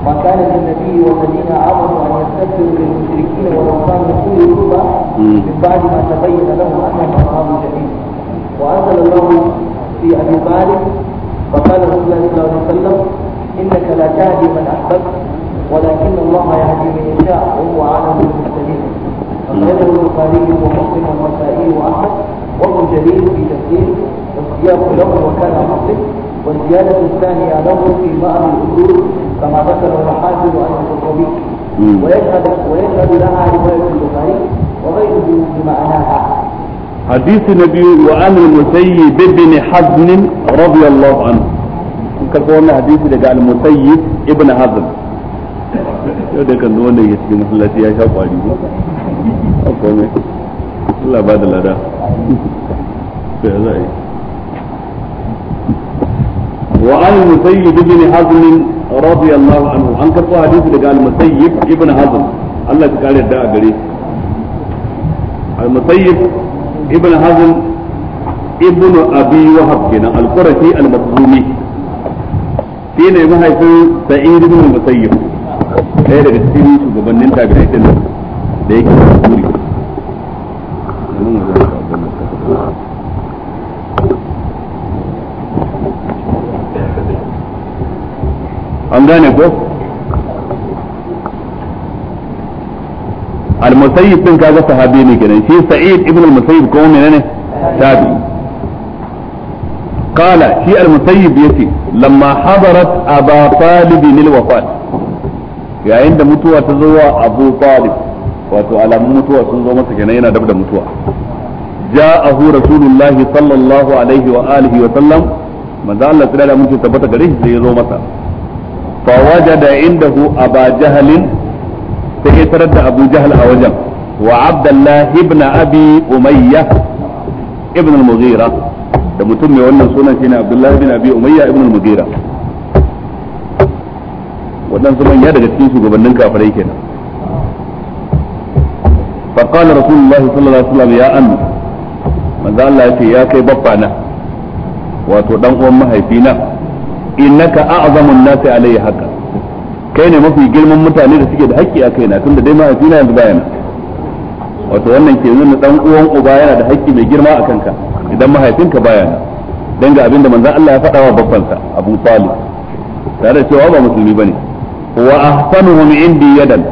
S2: وكان للنبي والذين امنوا ان يستكبروا للمشركين ولو كانوا كل من بعد ما تبين لهم انهم اصحاب جديد وانزل الله في أبي طالب فقال رسول الله صلى الله عليه وسلم إنك لا تهدي من أحببت ولكن الله يهدي من يشاء وهو أعلم بالمهتدين أخرجه البخاري ومسلم والنسائي وأحمد وابن جرير في تفسير السياق له وكان مسلم والزيادة الثانية له في بعض الأصول كما ذكر الحافظ عن القرطبي ويشهد ويشهد لها رواية البخاري وغيره بمعناها
S1: حديث النبي وعن المسيب بن حزم رضي الله عنه كيف هو حديث لقاء المسيب ابن حزم يودي كان نوانا يسجن التي يشاق عليه أقومي لا بعد لا إيه؟ وعن المسيب بن حزم رضي الله عنه عن كيف هو حديث لقاء المسيب ابن حزم الله تعالى دعا قريب المسيب ibn hazm ibn abi wahab kenan al-qurashi al-makhzumi shine mahaifin sa'id ibn musayyib ko al-musayyib din kaga sahabi ne kenan shi sa'id ibn al-musayyib ko menene tabi qala shi al-musayyib yace lamma hadarat aba talib lil wafat yayin da mutuwa ta zo wa abu wato alamun mutuwa sun zo masa kenan yana dab da mutuwa جاءه رسول الله صلى الله عليه وآله وسلم من ذا الله تعالى من تثبت قريش زي رومتا فوجد عنده أبا jahalin. sai ya tarar da Abu Jahal a wajen wa Abdullah ibn Abi Umayya ibn al-Mughira da mutum mai wannan sunan shine Abdullah ibn Abi Umayya ibn al-Mughira waɗansu manya daga cikin shugabannin kafirai kenan فقال رسول الله صلى الله عليه وسلم يا من الله يا كي بطانا إنك أعظم الناس عليه kai ne mafi girman mutane da suke da haƙƙi a kaina tunda dai mahaifina yanzu baya wato wannan ke nuna dan uwan uba yana da haƙƙi mai girma a kanka idan mahaifinka baya nan dan ga abinda manzon Allah ya faɗa wa babbansa Abu Talib tare da cewa ba musulmi bane wa ahsanuhum indi yadan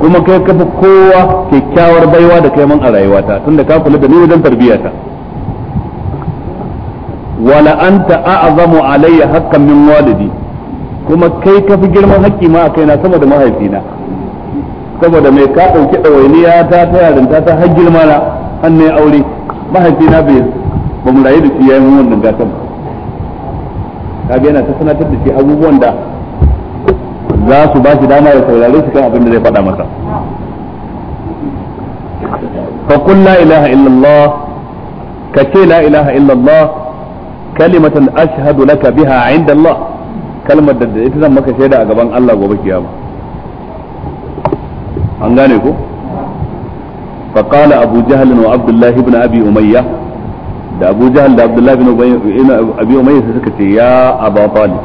S1: kuma kai kafa kowa kyakkyawar baiwa da kai man a rayuwata tunda ka kula da ni wajen tarbiyyata wala anta a'zamu alayya haqqan min walidi kuma kai ka fi girman haƙƙi ma a kaina sama da mahaifina saboda mai ka ɗauki ɗawainiya ta ta yarinta ta ta har girma na hannun aure mahaifina bai ba mu rayu da shi yayin wannan gatan kaga yana ta sanatar da shi abubuwan da za su ba shi dama ya saurare su kan abin da zai faɗa masa fa qul la ilaha illallah ka ce la ilaha illallah kalimatan ashhadu laka biha 'inda Allah kalmar da ita zan maka shaida a gaban Allah gobe kiyama an gane ko fa فقال abu jahl wa الله ibn abi umayya da Abu jahl da Abdullah ibn Abi Umayya sai suka ce ya Abu Talib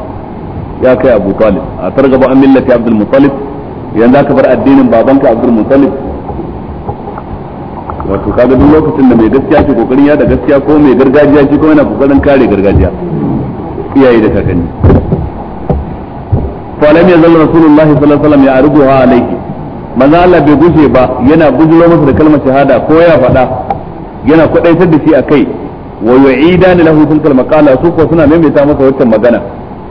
S1: ya kai Abu Talib a targaba an millati Abdul Muttalib yanzu aka bar addinin babanka Abdul Muttalib wato kaga duk lokacin da mai gaskiya ke kokarin ya da gaskiya ko mai gargajiya shi ko yana kokarin kare gargajiya iyaye da kakanni falam yazal rasulullahi sallallahu alaihi wasallam ya arduha alayhi manzo Allah bai gushe ba yana bujulo masa da kalmar shahada ko ya faɗa yana kwadaitar da shi akai wa yu'idani lahu tilkal maqala su ko suna maimaita masa wannan magana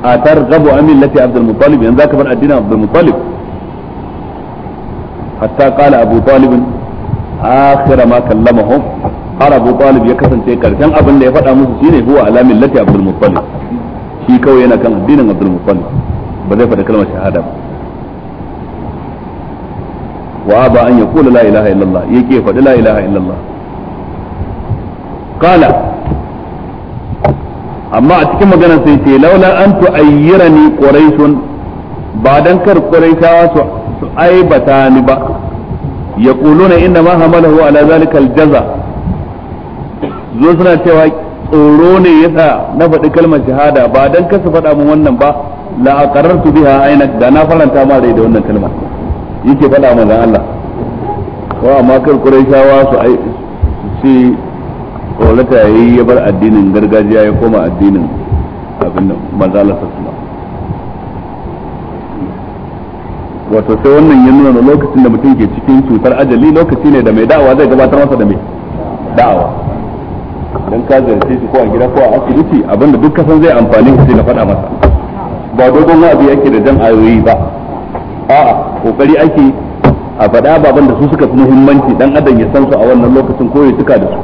S1: a targhabu an lati abdul muttalib yanzu aka bar addinin abdul muttalib hatta qala abu talib akhira ma kallamahum har abu talib ya kasance karshen abin da ya faɗa musu shine huwa ala lati abdul muttalib shi kawai yana kan addinin abdul muttalib ba zai faɗi kalmar shahada ba wa ba an yaqula la ilaha illallah yake faɗi la ilaha illallah qala amma a cikin maganar sai ce laula an tu'ayyirani quraishun ba dan kar quraishawa su aibata ni ba yaquluna inna ma hamalahu ala zalika aljaza zo suna cewa tsoro ne yasa na faɗi kalmar shahada ba dan kar su faɗa mun wannan ba la aqarrartu biha ainak da na faranta ma rai da wannan kalma yake faɗa manzon Allah ko amma kar Quraishawa su ai shi kolata yayi ya bar addinin gargajiya ya koma addinin abin nan mazalata kuma wato sai wannan ya nuna lokacin da mutum ke cikin cutar ajali lokaci ne da mai da'awa zai gabatar masa da mai da'awa dan ka zarce shi ko a gida ko a asibiti abinda duk kasan zai amfani shi na faɗa masa ba dogon wa'azi ake da jan ayoyi ba a'a kokari ake a faɗa baban da su suka fi muhimmanci dan adam ya san su a wannan lokacin ko ya tuka da su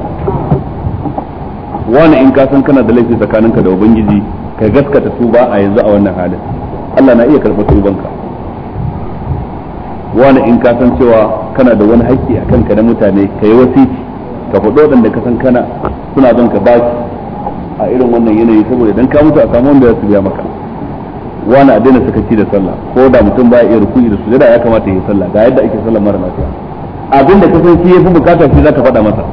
S1: wani in ka san kana da laifi tsakaninka da ubangiji ka gaskata su ba a yanzu a wannan halin Allah na iya karɓar tubanka wani in ka san cewa kana da wani haƙƙi a kanka na mutane ka yi wasiki ka faɗo waɗanda ka san kana suna don ka baki a irin wannan yanayi saboda dan ka mutu a samu wanda ya su biya maka wani a suka sakaci da sallah ko da mutum ba ya iya rukuni da sujada ya kamata ya yi sallah ga yadda ake sallah mara lafiya abin da kasan shi yafi bukata shi zaka faɗa masa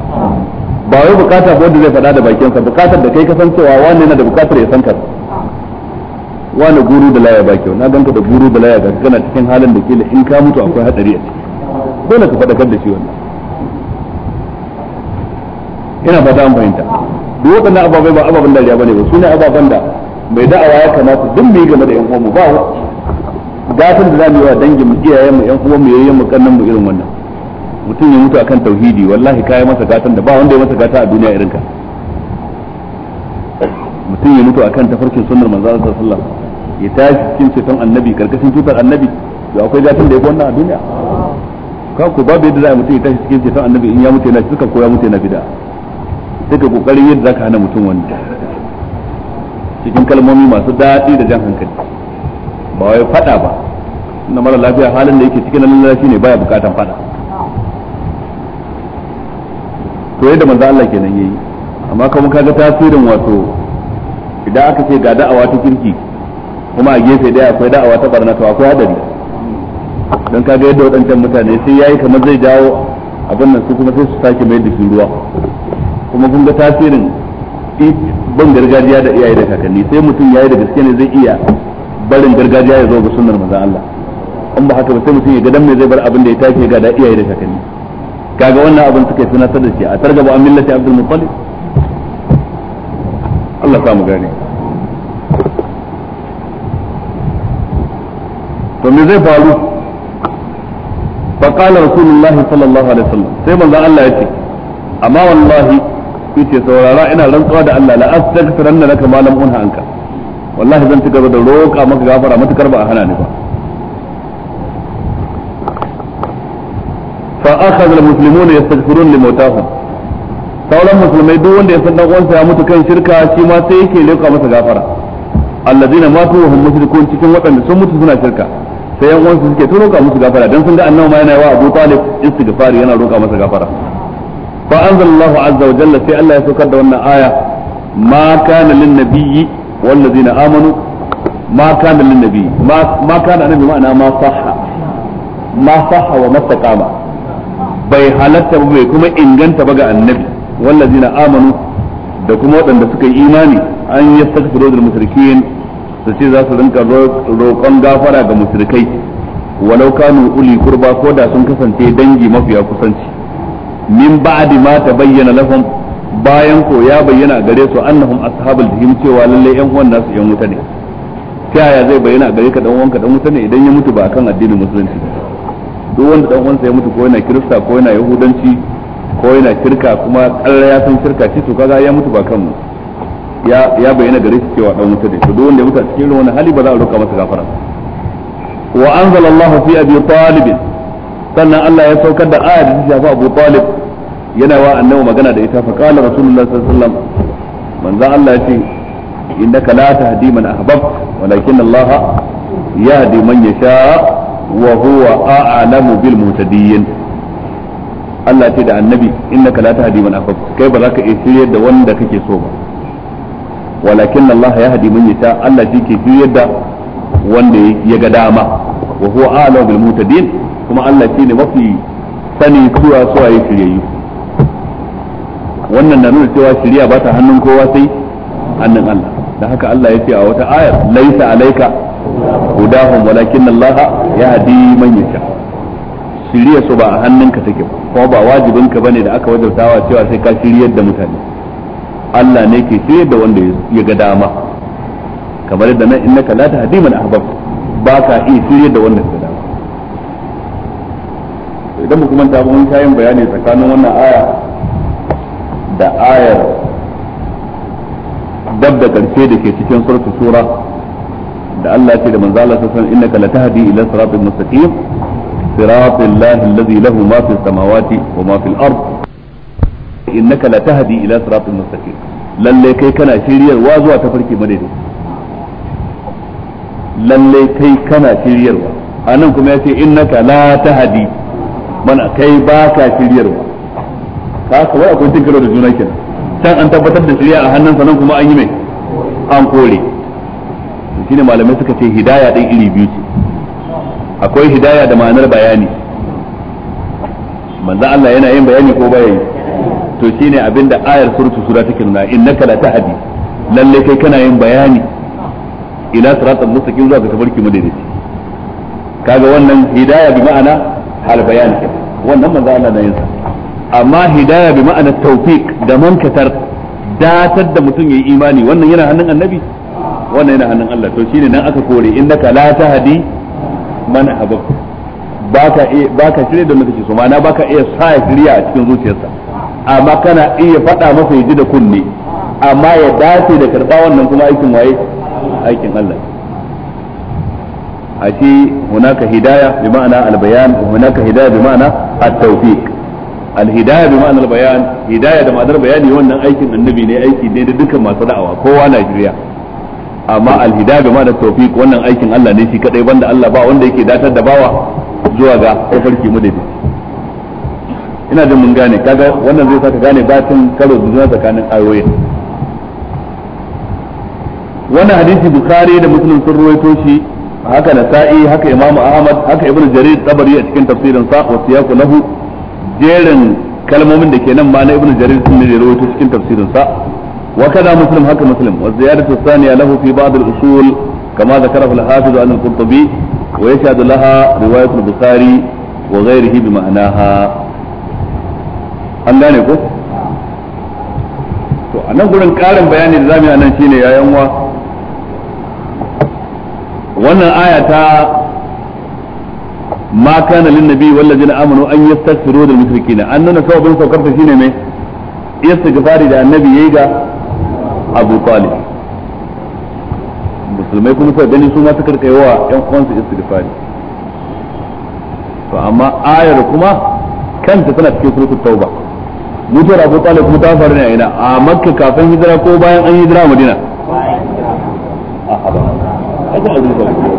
S1: ba wai bukata ko da zai faɗa da bakinsa bukatar da kai kasancewa wani yana da bukatar ya san ka wani guru da laya ba kyau na ganka da guru da laya ga kana cikin halin da ke da in ka mutu akwai hadari a ciki dole ka faɗa da shi wannan ina fata an fahimta duk waɗannan ababai ba ababen dariya bane ba su ne ababen da mai da'awa ya kamata duk mu yi game da yan uwan mu ba wa gafin da zamu yi wa dangin mu iyayen mu yan uwan mu yayyen mu kannan mu irin wannan mutum ya mutu akan tauhidi wallahi kai masa gatan da ba wanda ya masa gata a duniya irin ka mutum ya mutu akan tafarkin sunnar manzo Allah sallallahu alaihi wasallam ya tashi cikin ceton annabi karkashin tutar annabi da akwai gatan da ya wannan a duniya ka ku babu yadda za a mutum ya tashi cikin ceton annabi in ya mutu yana suka ko ya mutu yana bid'a duka kokarin yadda zaka hana mutum wannan cikin kalmomi masu daɗi da jan hankali ba wai fada ba na mara lafiya halin da yake cikin shi ne baya bukatan fada to yadda manzo Allah kenan yayi amma kuma kaga tasirin wato idan aka ce ga da'awa ta kirki kuma a gefe daya akwai da'awa ta barna to akwai hadari dan kaga yadda waɗancan mutane sai yayi kamar zai jawo abin nan su kuma sai su sake mai da shi ruwa kuma kun ga tasirin ban gargajiya da iyaye da kakanni sai mutum yayi da gaske ne zai iya barin gargajiya ya zo ga sunnar manzon Allah in ba haka ba sai mutum ya ga dan me zai bar abin da ya tashi ga da iyaye da kakanni kaga wannan abin suka suna da shi a targaba an millati Abdul Muttalib Allah mu gane to me zai faru fa qala rasulullahi sallallahu alaihi wasallam sai manzon Allah ya ce amma wallahi ce saurara ina rantsuwa da Allah la astaghfiranna laka ma lam unha anka wallahi zan ci gaba da roƙa maka gafara matukar ba a hana ni ba fa akhadha almuslimuna yastaghfirun limawtahum sauran musulmai duk wanda ya san dan uwansa ya mutu kan shirka shi ma sai yake roƙa masa gafara alladina matu wa hum mushrikun cikin waɗanda sun mutu suna shirka sai yan uwansu suke ta roƙa musu gafara dan sun ga annabi ma yana yawa Abu Talib istighfar yana roƙa masa gafara fa anzalallahu azza wa jalla sai Allah ya saukar da wannan aya ma kana lin nabiyyi wal ladina amanu ma kana lin nabiyyi ma kana annabi ma'ana ma ma wa bai halatta ba bai kuma inganta ba ga annabi wal ladina amanu da kuma waɗanda suka yi imani an yastaghfiru lil mushrikeen su ce za su rinka roƙon gafara ga mushrikai walau kanu uli kurba ko da sun kasance dangi mafiya kusanci min ba'di ma tabayyana lahum bayan ko ya bayyana gare su annahum ashabul jahim cewa lalle yan uwan nasu ya wuta ne ta yaya zai bayyana gare ka dan uwanka dan wuta ne idan ya mutu ba akan addinin musulunci duk wanda dan uwansa ya mutu ko yana kirista ko yana yahudanci ko yana kirka kuma Allah ya san kirka ce to kaga ya mutu ba kan ya ya bayyana gare shi cewa dan wuta ne to duk wanda ya mutu a cikin wannan hali ba za a roka masa gafara wa anzalallahu fi abi talib sannan Allah ya saukar da aya da ta shafi Abu Talib yana wa annabi magana da ita fa qala rasulullahi sallallahu alaihi wasallam manzo Allah ya ce innaka la tahdi man ahbab walakin Allah yahdi man yasha wa huwa a'lamu bil muhtadin Allah ya ce da annabi innaka la tahdi man ahbab kai ba za ka iya shiryar da wanda kake so ba walakin Allah yahdi man yasha Allah shi ke shiryar da wanda ya ga dama wa huwa a'lamu bil muhtadin kuma Allah shi ne mafi sani suwa suwaye shiryayyu wannan na nuna cewa shari'a ba ta hannun kowa sai hannun Allah da haka Allah ya ce a wata ayar laisa alaika hudahum walakin Allah hadi man yasha shari'a su ba a hannunka take ko kuma ba wajibin ka bane da aka wajabtawa cewa sai ka shiryar da mutane Allah ne ke shiryar da wanda ya ga dama kamar da nan innaka la tahdi man ahbab ba ka iya shiryar da wanda ga dama idan mu kuma ta mun kayan bayani tsakanin wannan aya da ayar dab da karshe da ke cikin suratul sura da Allah ce da manzo Allah sallallahu alaihi innaka latahdi ila siratin mustaqim siratal lahi alladhi lahu ma fis samawati wa ma fil ard innaka latahdi ila siratin mustaqim lalle kai kana shiryarwa zuwa tafarki madaidai lalle kai kana shiryarwa anan kuma yace innaka la tahdi mana kai ba ka shiryarwa ka kawai akwai tinkaro da juna kenan can an tabbatar da shari'a a hannunsa nan kuma an yi mai an kore shine malamai suka ce hidaya din iri biyu ce akwai hidaya da ma'anar bayani manzo Allah yana yin bayani ko baya yi to shine abinda ayar suratul sura take nuna innaka la tahdi lalle kai kana yin bayani ila siratal mustaqim zuwa ga tabarki madaidaici kaga wannan hidaya bi ma'ana hal bayani wannan manzo Allah na yin sa amma hidaya bi ma'anar taufik da mankatar datar da mutum ya yi imani wannan yana hannun annabi wannan yana hannun Allah to shine nan aka kore in innaka la tahdi man habab baka baka shirye da mutum so ma'ana baka iya sa shirya a cikin zuciyarsa amma kana iya faɗa masa yaji da kunne amma ya dace da karɓa wannan kuma aikin waye aikin Allah ashe hunaka hidaya bi ma'ana albayan hunaka hidaya bi ma'ana at-tawfiq alhidaya bi ma'anar bayan hidaya da ma'anar bayani wannan aikin annabi ne aiki ne da dukkan masu da'awa kowa Najeriya amma alhidaya bi ma'anar tawfiq wannan aikin Allah ne shi kadai banda Allah ba wanda yake datar da bawa zuwa ga tafarki mudadi ina jin mun gane kaga wannan zai saka gane batun karo juna tsakanin ayoyin wannan hadisi bukhari da muslim sun ruwaito shi haka nasa'i haka imamu ahmad haka ibnu jarir tabari a cikin tafsirin sa wa siyaku lahu jerin kalmomin da ke nan ma na ibnu jarir sun ne rawaito cikin tafsirin sa wa kada muslim haka muslim wa ziyadatu thaniya lahu fi ba'd al-usul kama dhakara al-hafiz an al-qurtubi wa yashhadu laha riwayat al-bukhari wa ghayrihi bi ma'naha an gane ko to a nan gurin karin bayani da zamu yi a nan shine yayan wa wannan aya ta ما كان للنبي والذين امنوا ان يستغفروا للمشركين ان lil mushrikeena an nuna sababin يستغفر ta shine me ابو da annabi ga Abu musulmai kuma sai gani su ma suka kai wa ƴan uwansu istighfari to amma ayar kuma kanta tana cikin surutu tauba mutuwar Abu Talib kuma ta faru ne a ina a Makka kafin hijira ko bayan an hijira Madina a haba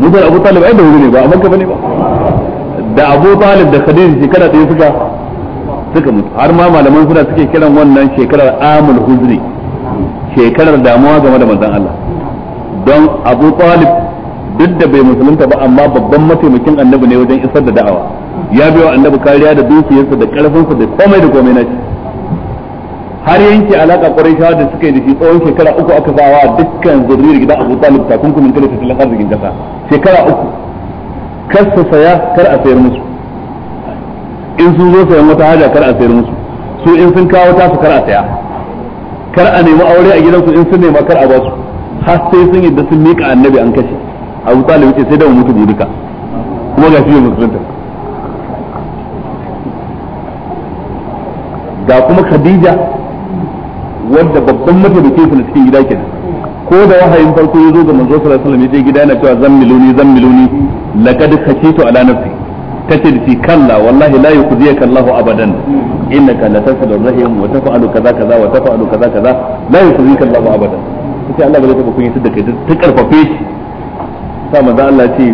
S1: mutuwar abu talib ai da wuri ne ba a makka bane ba da abu talib da khadija shekara ɗaya suka suka mutu har ma malaman suna suke kiran wannan shekarar amul huzri shekarar damuwa game da manzon Allah don abu talib duk da bai musulunta ba amma babban mataimakin annabi ne wajen isar da da'awa ya biyo annabi kariya da dukiyarsa da karfinsa da komai da komai na shi har yanke alaka quraishawa da suka yi da shi tsawon shekara uku aka bawa dukkan zurriyar gidan Abu Talib takunkumin kare tattalin arzikin kasa shekara uku kar su saya kar a sayar musu in sun zo sayan wata haja kar a sayar musu su in sun kawo ta su kar a saya kar a nemi aure a gidansu in sun nema kar a ba su har sai sun yadda sun miƙa annabi an kashe Abu Talib ce sai da mutu duka kuma ga shi musulunta ga kuma Khadija wanda babban mataimakin sa na cikin gida kenan ko da wahayin farko ya zo ga manzo sallallahu alaihi wasallam ya je gida yana cewa zammiluni zammiluni laqad khashitu ala nafsi kace da shi kalla wallahi la yukhziyaka Allahu abadan innaka la tasilu rahim wa taf'alu kaza kaza wa taf'alu kaza kaza la yukhziyaka Allahu abadan sai Allah bai taba kunyatar da kai ta karfafe shi sa manzo Allah ya ce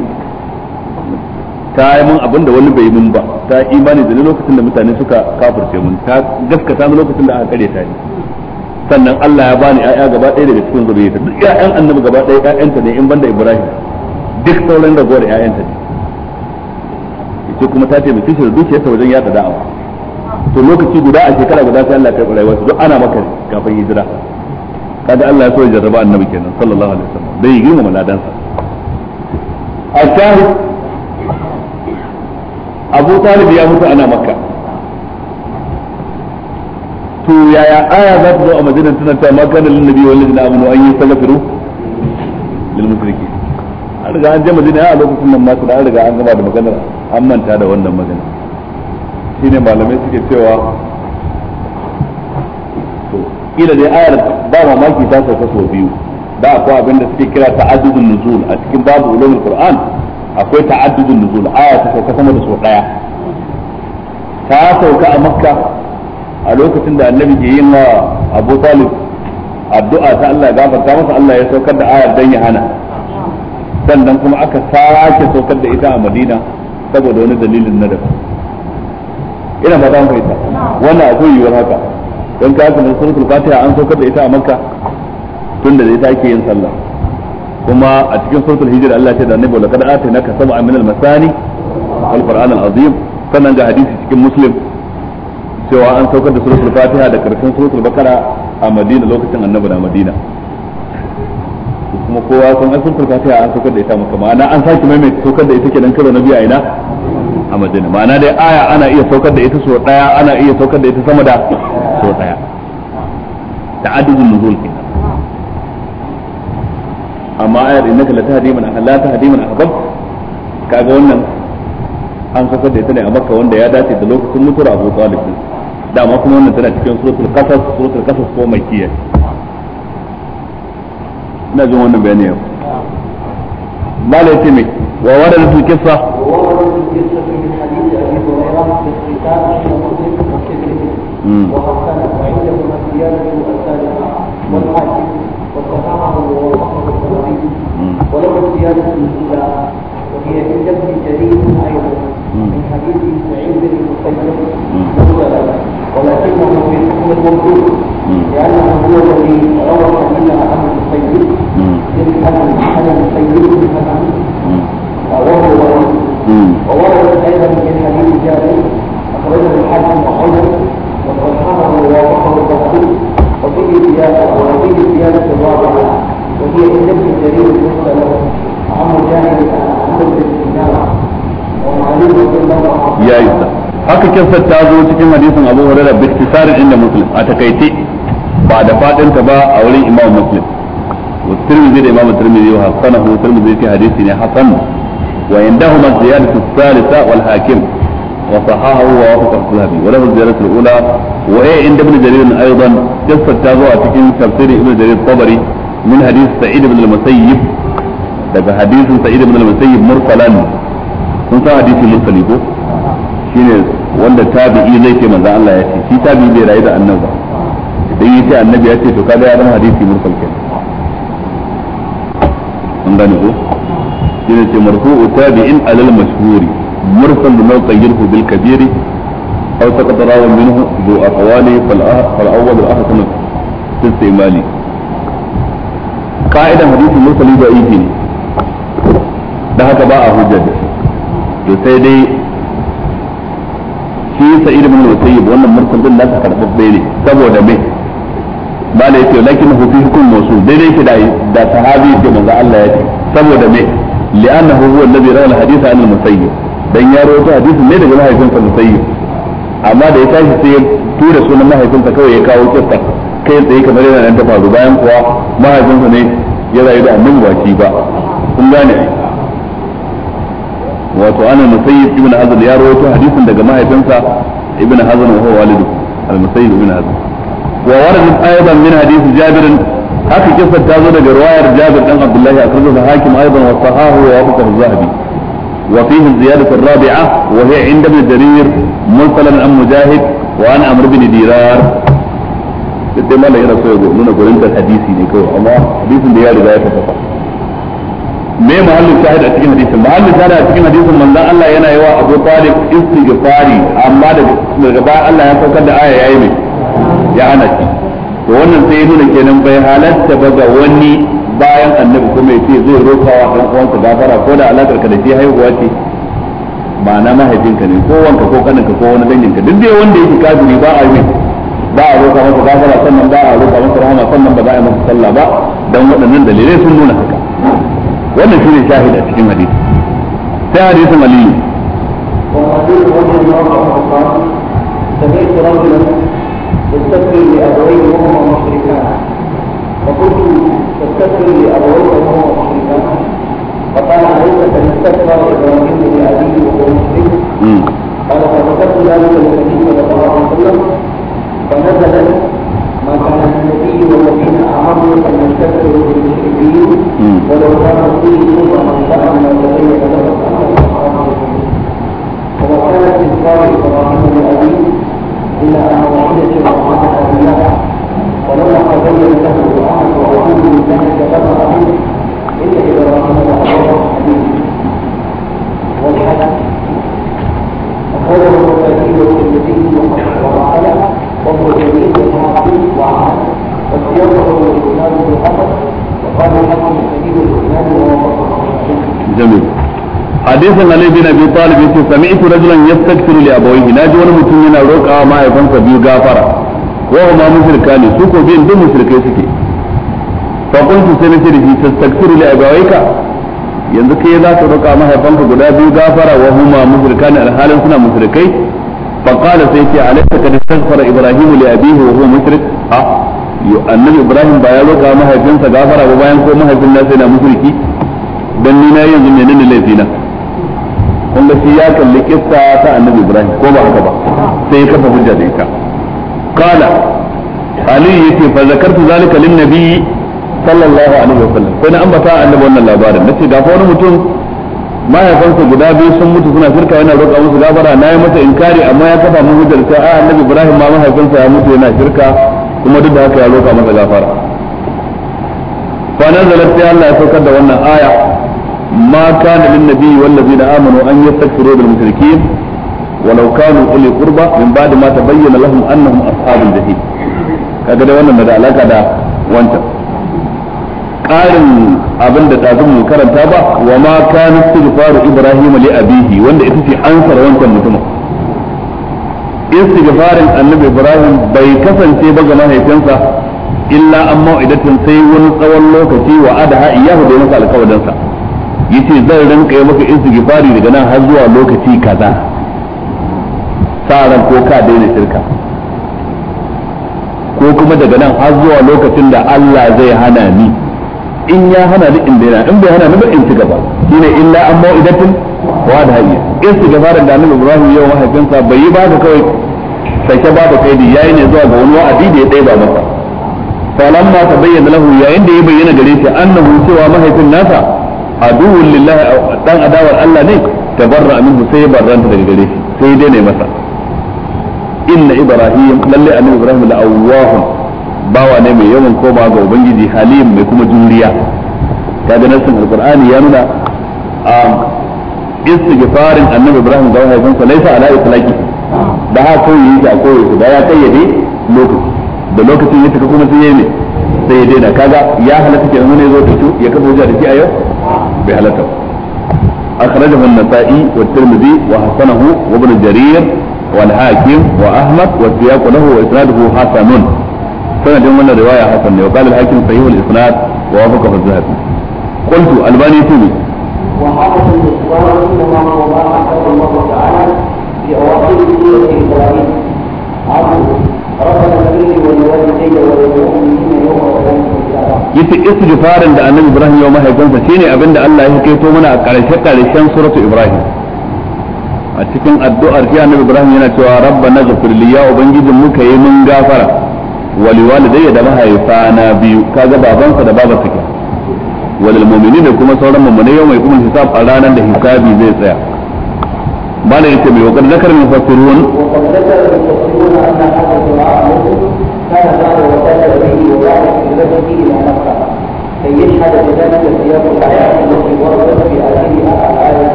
S1: ta yi mun abin da wani bai mun ba ta imani da lokacin da mutane suka kafirce mun ta gaskata mu lokacin da aka kare ta ni sannan Allah ya bani ƴaƴa gaba ɗaya daga cikin zuriyarta duk ƴaƴan annabi gaba ɗaya ƴaƴanta ne in banda Ibrahim duk sauran ragowar ƴaƴanta ne yace kuma ta taimake shi da ta wajen yada da'awa to lokaci guda a shekara guda sai Allah ya karɓi rayuwarsa duk ana maka kafin hijira kaga Allah ya so ya jarraba annabi kenan sallallahu alaihi wasallam dai yi mu ladansa a shahid Abu Talib ya mutu ana makka to yaya aya za ta zo a madina tana ta ma kana lin nabi wal ladina amanu an yastaghfiru lil mushriki an riga an je madina a lokacin nan ma da an riga an gaba da maganar an manta da wannan magana shine malamai suke cewa to kila dai ayar ba mamaki ta sauka sau biyu ba akwai abin da suke kira ta'addudun nuzul a cikin babu ulumul qur'an akwai ta'addudun nuzul aya ta sauka sama da sau daya ta sauka a makka a lokacin da annabi ke yin wa abu talib addu'a ta Allah ya gafarta masa Allah ya saukar da ayar dan ya hana sannan kuma aka sake saukar da ita a madina saboda wani dalilin na daban ina fata mun fahimta wannan akwai yiwuwar haka don ka haka suratul fatiha an saukar da ita a makka tun da ita ake yin sallah kuma a cikin suratul hijr Allah ya ce da annabi laqad atainaka sab'an min al-masani wal qur'an al-azim sannan ga hadisi cikin muslim cewa an saukar da suratul fatiha da karshen suratul bakara a madina lokacin annabi na madina kuma kowa san an suratul fatiha an saukar da ita maka ma'ana an saki mai saukar da ita kenan karo na biya ina a madina ma'ana dai aya ana iya saukar da ita sau daya ana iya saukar da ita sama da sau daya adadin nuzul kenan amma ayar innaka la tahdi man la tahdi man ahbab kaga wannan an saukar da ita ne a makka wanda ya dace da lokacin mutuwar abu talib dama kuma wannan tana cikin suratul qasas suratul qasas ko mai kiyaye ina jin wannan bayani yau mala yace me wa warada tu kissa
S2: ولو الزيادة الأولى وهي في جنب جرير أيضا من حديث سعيد بن المسيب ولكنه في حكم المردود لأنه هو الذي روى منها أمر السيد للحكم حكم السيد بالحكم وورد وورد أيضا في حديث جابر أخرجه الحاكم وحيدا وصححه ووافقه البخاري وفيه زيادة وفيه زيادة الرابعة وهي من ابن جرير بالنسبة له عمرو جاهل عمرو بن سينا ومعلوم بن الله
S1: يا إسحاق haka kissar ta zo cikin hadisin Abu Hurairah bi tisarin inda Muslim a takaice ba da fadin ta ba a wurin Imam Muslim wa Tirmidhi da Imam Tirmidhi wa hasanahu Tirmidhi fi hadisi ne hasan wa indahuma ziyadatu thalitha wal hakim wa sahahu wa wafaqa al-Zahabi wa lahu ziyadatu al-ula wa hiya inda Ibn Jarir aidan kissar ta zo a cikin tafsir Ibn Jarir Tabari min hadisi Sa'id ibn daga hadisin Sa'id ibn san hadisi ko shine wanda tabi'i zai ce manzo Allah ya ce shi tabi'i bai rayu da annabi ba idan ya ce annabi ya ce to kada ya zama hadisi mursal kenan an gane ko shine ce marfu'u tabi'in alal mashhuri mursal lam qayyirhu bil kabiri أو سقط راو منه ذو أقوال فالأول أحسن في استعماله قاعدة حديث المرسل da haka ba a hujja to sai dai shi yi sa'id ibn musayyib wannan mursal din nasa karfafe ne saboda me ba da yake lakin hufi hukun masu daidai ke da da sahabi ke manzo Allah ya ce saboda me li'annahu huwa alladhi rawa al-hadith an al-musayyib dan ya rawaito hadisin ne daga mahaifinsa musayyib amma da ya tashi sai tura sunan mahaifinsa kawai ya kawo kissa kai tsaye kamar yana nan ta faru bayan kuwa mahaifinsa ne ya rayu da annabi gwaki ba kun gane wato ana musayyib ibn hazan ya rawaito hadisin daga mahaifinsa ibn hazan wa huwa walidu al musayyib ibn hazan wa waradat aidan min hadisi jabir haka kisa ta zo daga riwayar jabir dan abdullahi a karbar hakim aidan wa sahahu wa abu zahabi wa fihi وفيه الزيادة الرابعة وهي عند ابن جرير مرسلا عن مجاهد وعن عمرو بن ديرار sai ma da yana so ya gurnu na gurin da hadisi ne kawai amma hadisin da ya riga ya tafafa me mahallin shahid a cikin hadisin mahallin shahid a cikin hadisin manzon Allah yana yawa Abu Talib istighfari amma daga baya Allah ya saukar da aya yayi mai ya hana shi to wannan sai ya nuna kenan bai halatta ba ga wani bayan annabi kuma ya ce zai roƙa wa ɗan uwanka gafara ko da alaƙar ka da shi haihuwa ce ba na mahaifinka ne ko wanka ko kaninka ko wani danginka duk dai wanda yake kafiri ba a yi ba a roƙa masa gafara sannan ba a roƙa masa rahama sannan ba za a yi masa sallah ba dan waɗannan dalilai sun nuna haka wannan shine shahid a cikin hadisi ta hadisi ali
S2: سمعت رجلا يستغفر لابويه تستغفر فقال عليك فاستغفر ابراهيم لابيه وهو مشرك قال فذكرت ذلك للنبي صلى الله عليه وسلم فنزلت ما كان النبي والذين آمنوا أن يستكبروا بالمشركين ولو كانوا فيه كفر من شاء من الذين كفروا وكان استكبار إبراهيم لأبيه إلا أن وحدة وعاد أبيه ولما تبين له الأمر وعنده ذلك بدأ
S1: hadisin Ali bin Abi Talib yace sami'tu rajulan yastaghfiru li abawayhi naji wani mutum yana roƙawa mahaifansa biyu gafara wa huma mushrikani su ko biyan duk mushrikai suke fa kuntu sai yanzu kai za ka roƙa mahaifanka guda biyu gafara wa huma mushrikani alhalin suna mushrikai fa qala sai ce alayka kad istaghfara ibrahim li abihi wa huwa mushrik annabi ibrahim ba ya roƙa mahaifinsa gafara ba bayan ko mahaifin nasa yana mushriki dan ni na yanzu menene laifina kun da shi ya kalli kissa ta annabi ibrahim ko ba haka ba sai ya kafa hujja da ita qala ali yace fa zakartu zalika lin nabi sallallahu alaihi wa sallam sai na ambata annabi wannan labarin nace ga wani mutum ma mahaifansa guda biyu sun mutu suna shirka yana roƙa musu gabara na yi masa inkari amma ya kafa mun hujjar ta annabi ibrahim ma mahaifinsa ya mutu yana shirka kuma duk da haka ya roƙa masa gafara fa nazalat sai Allah ya saukar da wannan aya ما كان للنبي والذين آمنوا أن يستكبروا بالمشركين ولو كانوا أولي قربى من بعد ما تبين لهم أنهم أصحاب الجحيم kaga dai wannan da alaka da wancan ƙarin abin da tazin mu karanta ba wa ma kana istighfaru ibrahim li abihi wanda ita ce ansar wancan mutumin istighfarin annabi ibrahim bai kasance ba ga mahaifinsa illa an ma'idatin sai wani tsawon lokaci wa adaha iyahu da masa alƙawarinsa yace zan rinka yi maka istighfari daga nan har zuwa lokaci kaza sa'an ko ka daina shirka ko kuma daga nan har zuwa lokacin da Allah zai hana ni in ya hana ni in daina in bai hana ni ba in ci gaba shine illa an mau'idatin wa da hayya istighfarin da Annabi Ibrahim ya mahaifinsa bai yi ba da kawai sake ba da kaidi yayi ne zuwa ga wani wa'adi da ya dai ba masa ta tabayyana lahu yayin da ya bayyana gare shi annahu cewa mahaifin nasa aduwwun lillahi dan adawar Allah ne tabarra minhu sai ya barranta daga gare sai ya daina masa inna ibrahim lalle annabi ibrahim la bawa ne mai yawan koma ga ubangiji halim mai kuma juriya kaga nassin ya nuna a um, istighfarin annabi ibrahim ga mahaifinsa laisa ala itlaqi da ha ko yi ta ko yi da ya kayyade lokaci da lokacin ya tuka kuma sai ya ne sai ya daina kaga ya halatta kenan ne zo fito ya kafa hujja da shi a yau بهلكه أخرجه النسائي والترمذي وحسنه وابن جرير والحاكم وأحمد والسياق له وإسناده حسن سند من الرواية حسن وقال الحاكم صحيح الإسناد ووافقه الذهبي قلت الباني تومي وحدث
S2: الاخبار انما حسن الله تعالى في اواخر سوره ابراهيم
S1: yace istighfarin da annabi ibrahim ya mahaifinsa shine abinda Allah ya kaito mana a karshe karshen suratu ibrahim a cikin addu'ar shi annabi ibrahim yana cewa rabbana ghfir li ya ubangijin muka yi mun gafara wa liwalidayya da mahaifana biyu kaga babansa da babarsa ke walil mu'minina kuma sauran mu'minai yau mai kuma hisab a ranar da hisabi zai tsaya ما لا يكون وقد ذكر المفسرون وقد ذكر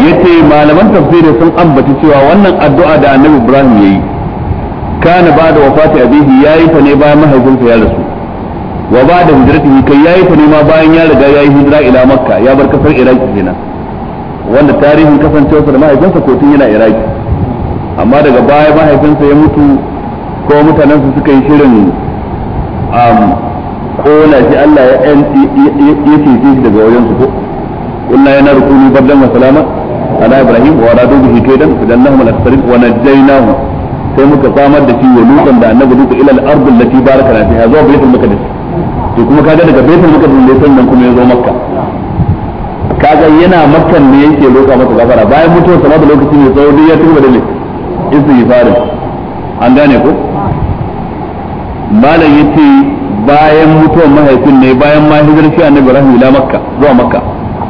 S1: yace malaman tafsiri sun ambata cewa wannan addu'a da annabi Ibrahim yayi kana ba da wafati abihi yayi ta ne bayan mahaifinsa ya rasu wa ba da hijratihi kai yayi ta ne ma bayan ya riga yayi hijira ila makka ya bar kasar iraki kenan wanda tarihin kasancewarsa da mahaifinsa ko tun yana iraki amma daga baya mahaifinsa ya mutu ko mutanensu suka yi shirin um, kona shi Allah ya yanci ya shi daga wajensu ko kullu yana rukuni bardan masalama salama ala ibrahim wa radu bihi kaidan fadallahum al-aksarin wa najjaynahu sai muka samar da shi wa lutan da annabi duka ila al-ard allati barakana fiha zuwa baitul maqdis to kuma kaga daga baitul maqdis ne sannan kuma ya zo makka kaga yana makkan ne yake roƙa masa gafara bayan mutuwar sama da lokaci mai tsawo duk ya tuba da ne istighfarin an gane ko malam yace bayan mutuwar mahaifin ne bayan ma hijirar shi annabi rahim ila makka zuwa makka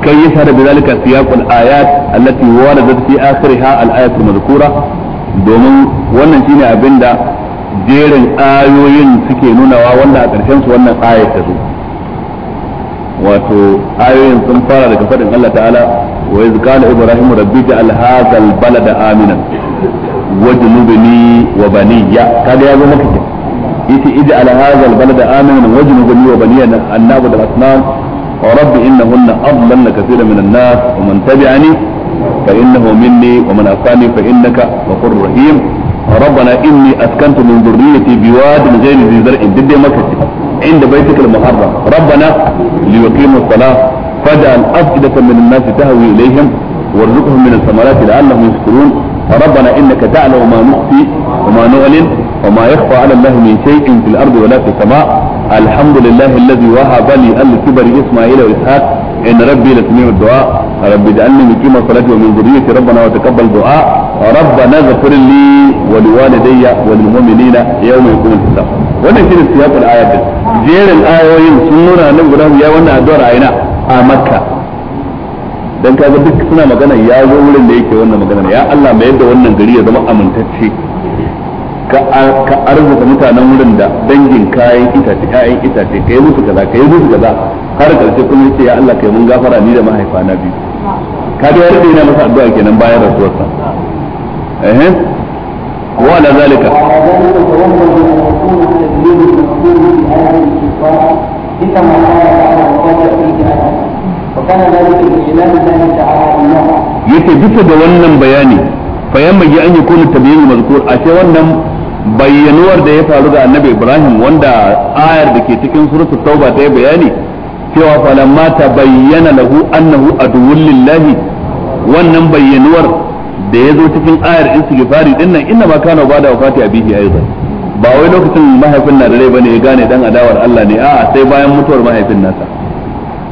S1: kai ya shahada bi zalika siyaqul ayat allati waradat fi akhiriha al ayat al madhkura domin wannan shine abinda jerin ayoyin suke nunawa wanda a ƙarshen su wannan ayat ta zo wato ayoyin sun fara daga faɗin Allah ta'ala wa iz qala ibrahim rabbi ja'al hadha al-balada aminan wajnubni wa baniya kaga ya zo maka ke yace ij'al hadha al-balada aminan wajnubni wa baniya an na'budu al-asnam رب إنهن أضللن كثيرا fa الناس ومن تبعني wa مني ومن عصاني فإنك غفور رحيم ربنا إني أسكنت من ذريتي بواد غير ذي زرع ضد مكة عند بيتك المحرم ربنا ليقيموا الصلاة فاجعل أفئدة من الناس تهوي إليهم وارزقهم من الثمرات لعلهم يشكرون ربنا إنك تعلم ما نخفي وما نعلن وما يخفى على الله من شيء في الأرض ولا في السماء الحمد لله الذي وهب لي الكبر إسماعيل وإسحاق إن ربي لسميع الدعاء رب اجعلني مقيم الصلاة ومن ذريتي ربنا وتقبل دعاء ربنا اغفر لي wa liwalidayya wa lil mu'minina hisab wannan shine siyaqul ayat jerin ayoyin sun nuna nan guda ya wannan addu'ar aina a makka dan kaga duk suna magana ya zo wurin da yake wannan magana ya Allah mai yadda wannan gari ya zama amintacce ka ka arzuka mutanen wurin da dangin kayan itace kayan itace ka musu kaza kai musu kaza har karshe kuma ce ya Allah kai mun gafara ni da mahaifa na biyu ka da yarda yana masa addu'a kenan bayan rasuwarsa eh wa ذلك yake bisa da wannan bayani fayan mai an yi kunu tabiyin mazkur a ce wannan bayyanuwar da ya faru ga annabi ibrahim wanda ayar da ke cikin surutu tauba ta yi bayani cewa falamma ta bayyana lahu annahu aduwun lillahi wannan bayyanuwar da ya zo cikin ayar istighfari din nan inna ma kana bada da wafati abihi aidan ba wai lokacin mahaifin na da rai bane ya gane dan adawar Allah ne a'a sai bayan mutuwar mahaifin nasa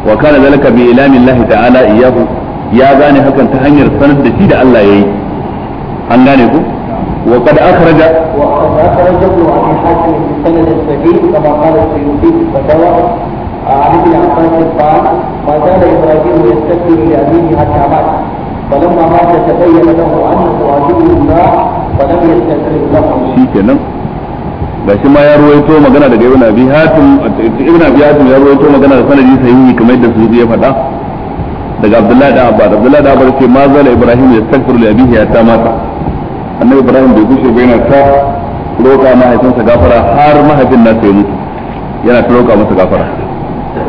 S1: wa kana zalika bi ilamillahi ta'ala iyahu ya gane hakan ta hanyar sanar da shi da Allah yayi an gane ku
S2: وقد أخرج وقد أخرج ابن أبي حاتم بسند الصحيح كما قال السيوطي في الفتاوى عن ابن عباس قال ما زال إبراهيم يستكبر لأبيه حتى مات فلما مات تبين له انه عدو الله فلم يستكرم له
S1: شيء shi ma ya ruwaito magana daga ibn abi hatim ibn abi hatim ya ruwaito magana da sanadi sahihi kamar yadda su ya faɗa daga abdullahi da abba abdullahi da abba ce ma zala ibrahim ya stakfir li abihi ya ta mata annabi ibrahim bai gushe bai yana ta roƙa mahaifinsa gafara har mahaifin na ya mutu yana ta roƙa masa gafara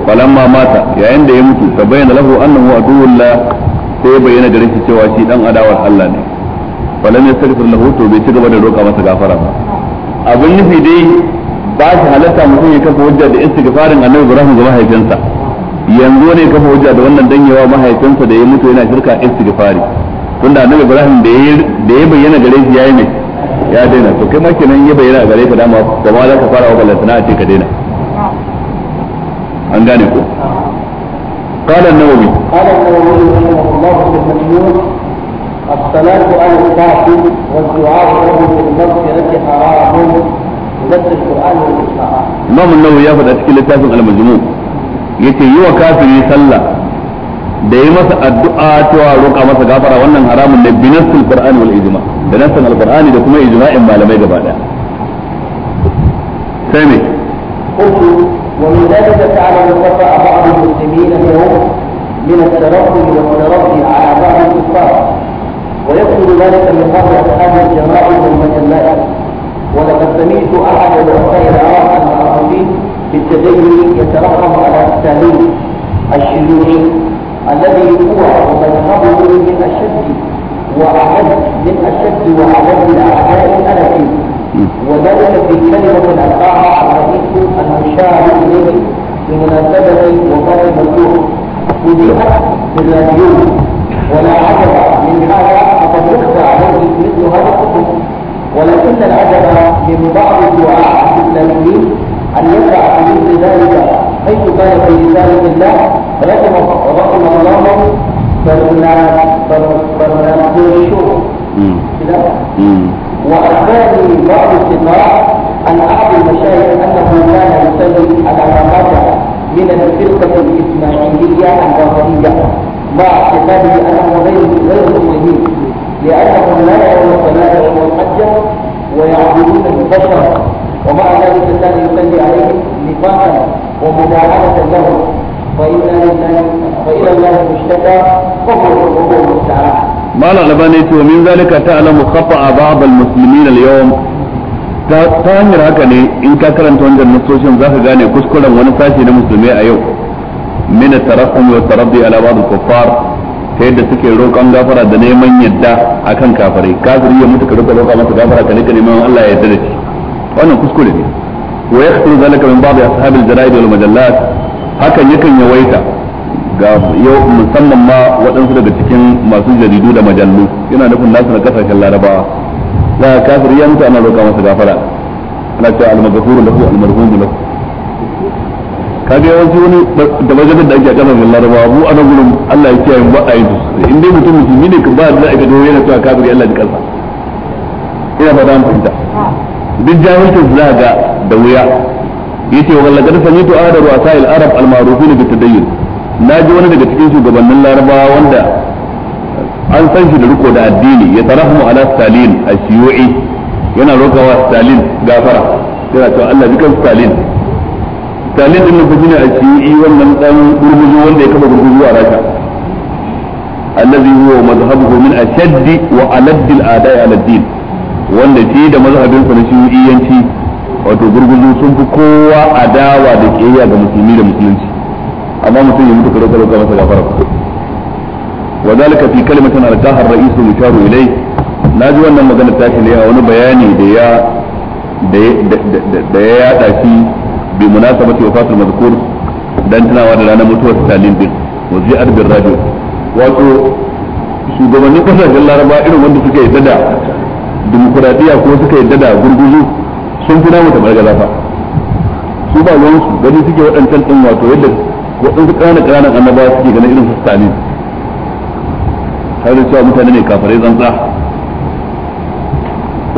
S1: falamma mata yayin da ya mutu tabayyana lahu annahu aduwwullah sai ya bayyana gare shi cewa shi dan adawar Allah ne falan ya sarfa lahu to bai ci gaba da roƙa masa gafara ba abin nufi dai ba shi halatta mutum ya kafa hujja da istighfarin Annabi Ibrahim ga mahaifinsa yanzu ne kafa hujja da wannan danyewa mahaifinsa da ya mutu yana shirka istighfari tunda Annabi Ibrahim da ya da ya bayyana gare shi yayi ne ya daina to kai ma kenan ya bayyana gare ka dama ba ma za ka fara wa balantana a ce ka daina an gane ko قال النووي قال
S2: النووي رحمه الله في المجنون الصلاة على والدعاء له حرام القرآن
S1: النووي أشكال على المجنون yi wa kafiri sallah da yi masa addu'a cewa roƙa masa gafara wannan haramun ne binasul qur'an wal ijma da da kuma ijma'in malamai gaba daya sai me
S2: ومن ذلك فعل وقطع بعض المسلمين اليوم من الترقي والتربي على بعض الكفار ويقصد ذلك من قبل اصحاب الجرائد والمجلات ولقد سمعت احد الرؤساء العراق المعروفين بالتدين يترحم على التالي الشيوعي الذي هو مذهبه من اشد واعد من اشد واعد الاعداء الالفين وذلك في كلمة ألقاها الحديث المشار إليه بمناسبة وقت المفتوح وجيئت بالراديوم ولا عجب من هذا فقد يخفى عليه مثل هذا الحكم ولكن العجب من بعض الدعاء الإسلاميين أن يقع في مثل ذلك حيث كان في رسالة الله رحم رحم الله برنامج كده وأخذني بعض الثقاء أن أعطي المشايخ أنه كان يسلم على مقاطع من الفرقة الإسماعيلية الباطنية مع اعتقاده أنه غير غير مسلمين لأنهم لا صلاة الصلاة الحجة ويعبدون البشر ومع ذلك كان يصلي عليهم نفاقا ومداعبة لهم فإن الله فإلى الله المشتكى فهو الربوع المستعان
S1: malam albani ce wa min zalika ta'lamu khata'a ba'd al-muslimin al ta hanyar haka ne in ka karanta wannan nasoshin zaka gane kuskuren wani sashi na musulmai a yau min tarahum wa taraddi ala ba'd al ta yadda suke roƙon gafara da neman yadda akan kafirai kafiri ya mutu ka roƙa roƙa masa gafara ka nika neman Allah ya yadda da shi wannan kuskure ne wa yakhlu min ba'd ashab al-jara'id wal majallat hakan yakan yawaita ga yau musamman ma waɗansu daga cikin masu jaridu da majallu yana nufin nasu na kasashen laraba za ka kafir ya mutu ana roƙa masa gafara ana cewa almagafuru lahu almarhumu lahu kaga yawanci wani da majalin da ake a kasashen laraba mu ana gurin Allah ya kiyaye mu a yi in dai mutum musulmi ne ka ba da aka dawo yana cewa kafir ya Allah ya kasa ina ba da an fahimta duk jahilcin za ga da wuya yace wa laqad sami'tu ahada ru'asa al-arab al-ma'rufin tadayyun na ji wani daga cikin shugabannin larabawa wanda an san shi da riko da addini ya tara mu ala stalin a shiyu'i yana rokawa stalin gafara yana cewa Allah dukan stalin stalin din nufi ne a shiyu'i wannan dan gurguzu wanda ya kafa gurguzu a rasha allazi huwa mazhabuhu min ashaddi wa aladd al-ada'i ala din wanda shi da mazhabin sa na shiyu'iyanci wato gurguzu sun fi kowa adawa da kiyaya ga musulmi da musulunci amma mutum ya mutu kare kare masa gafara wa zalika fi kalimatin alqaha ar-ra'is yusharu ilay naji wannan magana ta shi a wani bayani da ya da ya yada shi bi munasabati wafatul mazkur dan tunawa da ranar mutuwar Stalin din wazi'ar bin radio wato shugabannin kasashen laraba irin wanda suka yadda da dimokuraɗiyya ko suka yadda da gurguzu sun fi fa su ba su gani suke waɗancan ɗin wato yadda waɗansu ƙananan ƙananan annabawa suke ganin irin sustani har da cewa mutane ne kafirai tsantsa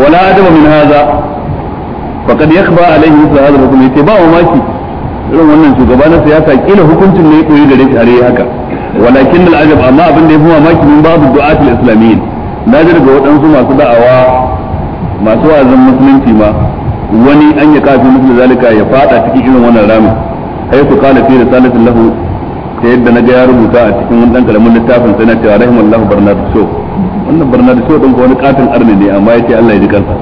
S1: wala adama min haza faqad yakhba alaihi mithla hadha al-hukm yace ba mamaki irin wannan shugaba na siyasa kila hukuncin ne koyi gare shi har haka walakin al-ajab amma abin da yafi mamaki min babu du'atul islamiyyin na ji daga waɗansu masu da'awa masu wa'azin musulunci ma wani an ya kafi musu zalika ya fada cikin irin wannan ramin ai ku kana fi risalatin lahu ta yadda naga ya rubuta a cikin wani dan kalamin littafin sai na cewa rahimallahu barnard so wannan barnard so din ko wani katin arni ne amma yace Allah ya ji kansa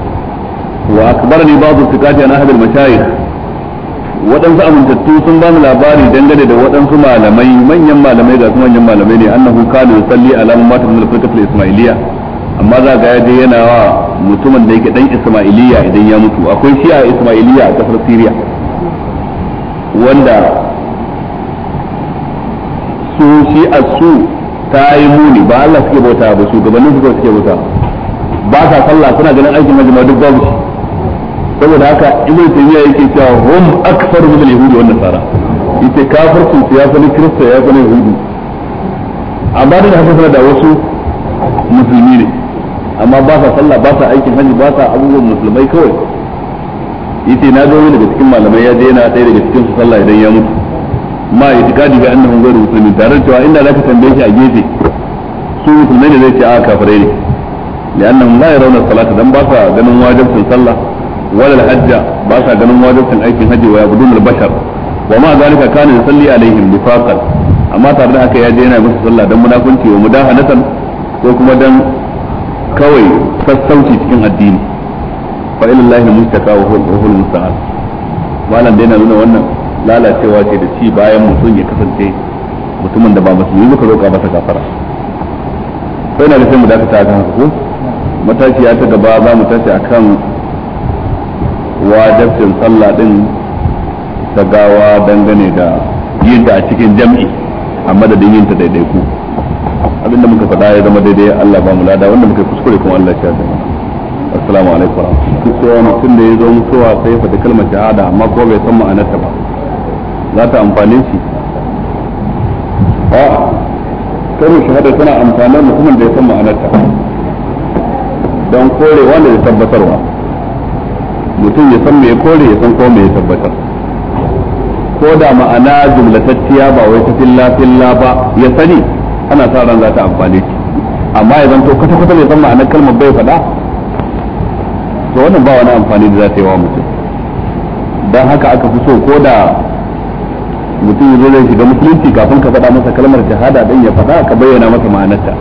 S1: wa akbarani ba'du sikati an ahadul mashayikh waɗansu amintattu sun ba mu labari dangane da waɗansu malamai manyan malamai ga manyan malamai ne annahu kana yusalli ala mamata min al-firqatul ismailiyya amma za ga yaje yana wa mutumin da yake dan ismailiyya idan ya mutu akwai shi a ismailiyya a kasar Syria wanda su shi a su ta yi muni ba Allah suke bauta ba su shugabannin su suke bauta ba sa sallah suna ganin aikin majima duk babu shi saboda haka ibn taymiya yake cewa hum akthar min al-yahudi wan nasara yace kafircin su ya sani kirista ya fi yahudu amma da haka suna da wasu musulmi ne amma ba sa sallah ba sa aikin haji ba sa abubuwan musulmai kawai ce na ga wani daga cikin malamai ya je yana tsaye daga cikin su sallah idan ya mutu ma itikadi ga annahu mu muslimin tare da cewa inda zaka tambaye shi a gefe su musulmai ne zai ce a kafirai ne li'annahum la yarawna salata dan ba sa ganin wajibin sallah wala al ba sa ganin wajibin aikin haji wa yabudun al-bashar wa ma zalika kana yusalli alaihim bifaqan amma tare da haka ya je yana musu sallah dan munafunci wa mudahanatan ko kuma dan kawai sassauci cikin addini fa ila Allah al-mustaqa wa huwa al malam dai na nuna wannan lalacewa ce da ci bayan mutum ya kasance mutumin da ba musulmi muka roƙa masa gafara sai na da sai mu ta ga haka mataki ya ta gaba za mu tashi akan wajabcin sallah din ta gawa dangane da yin ta a cikin jam'i a madadin yin ta daidaiku abinda muka faɗa ya zama daidai Allah ba mu lada wanda muka kuskure kuma Allah ya assalamu alaikum duk duk wani mutum da ya zo mutuwa sai ya faɗi kalmar shahada amma ko bai san ma'anarta ba za ta amfane shi a kalmar shahada tana amfanar mutumin da ya san ma'anarta don korewa wanda ya tabbatarwa mutum ya san me ya kore ya san ko me ya tabbatar ko da ma'ana jumlatacciya ba wai ta filla filla ba ya sani ana sa ran za ta amfane shi amma ya zanto kwata kwata bai san ma'anar kalmar bai faɗa to wannan ba wani amfani da za ta yi wa mutum don haka aka fi so ko da mutum ya zai shiga musulunci kafin ka faɗa masa kalmar shahada dan ya faɗa ka bayyana masa ma'anarta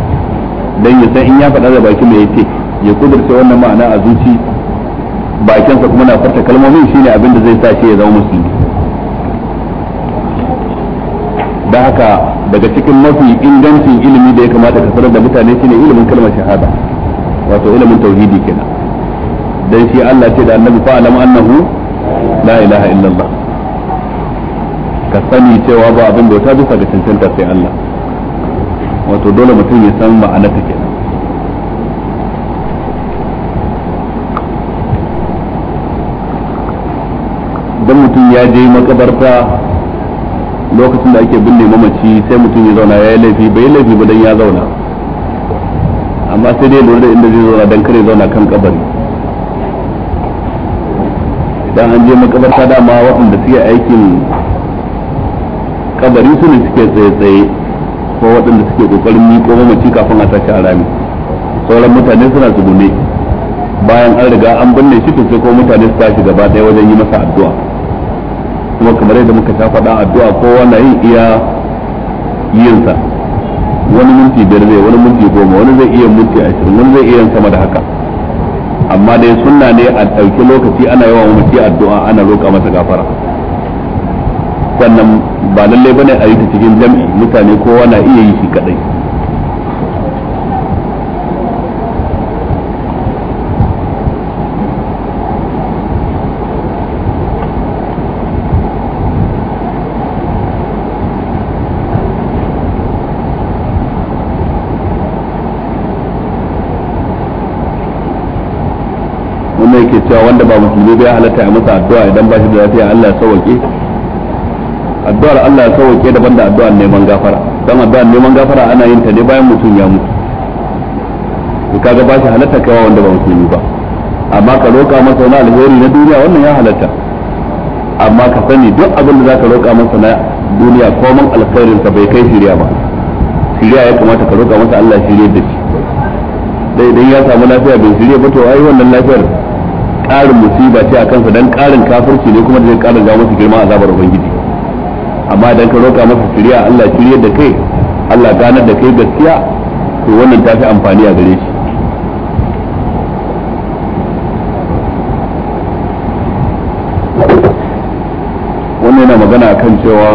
S1: dan ya san in ya faɗa da baki mai yake ya kudurce wannan ma'ana a zuci bakinsa kuma na farta kalmomin shine abin da zai sa shi ya zama musulmi don haka daga cikin mafi ingancin ilimi da ya kamata ka sanar da mutane shine ilimin kalmar shahada wato ilimin tauhidi kenan dan shi Allah ce da annabi fa alam annahu la ilaha illallah ka sani cewa ba abin bauta bisa ga cancanta sai Allah wato dole mutum ya san ma'ana ta kenan dan mutum ya je makabarta lokacin da ake binne mamaci sai mutum ya zauna ya yi laifi bai yi laifi ba dan ya zauna amma sai dai lura da inda zai zauna dan kare zauna kan kabari idan an je makabarta dama waɗanda suke aikin kabari su ne suke tsaye-tsaye ko waɗanda suke ƙoƙarin miƙo mamaci kafin a tashi a rami sauran mutane suna tsugune bayan an riga an binne shi to sai ko mutane su tashi gaba ɗaya wajen yi masa addu'a kuma kamar yadda muka sha faɗa addu'a kowa na yin iya yinsa wani minti biyar zai wani minti goma wani zai iya minti ashirin wani zai iya sama da haka amma dai sunna ne a ɗauki lokaci ana yawan mace addu'a ana roƙa masa gafara sannan ba lallai bane a yi ta cikin jam'i mutane kowa na iya yi shi kadai cewa wanda ba musulmi ba ya halatta ya masa addu'a idan ba shi da lafiya Allah ya sauke addu'ar Allah ya sauke daban da addu'ar neman gafara dan addu'ar neman gafara ana yin ta ne bayan mutum ya mutu kaga ba shi halatta kaiwa wanda ba musulmi ba amma ka roƙa masa wani alheri na duniya wannan ya halatta amma ka sani duk abin da zaka roƙa masa na duniya komai alkhairin sa bai kai shirya ba shirya ya kamata ka roƙa masa Allah shirye da shi dai idan ya samu lafiya bai shirye ba to ai wannan lafiyar ƙarin musiba ce a kansa dan ƙarin kafirci ne kuma da zai ƙarin jawo masa girma azabar ubangiji amma idan ka roƙa masa shirya Allah shirya da kai Allah ganar da kai gaskiya to wannan ta fi amfani a gare shi wannan yana magana kan cewa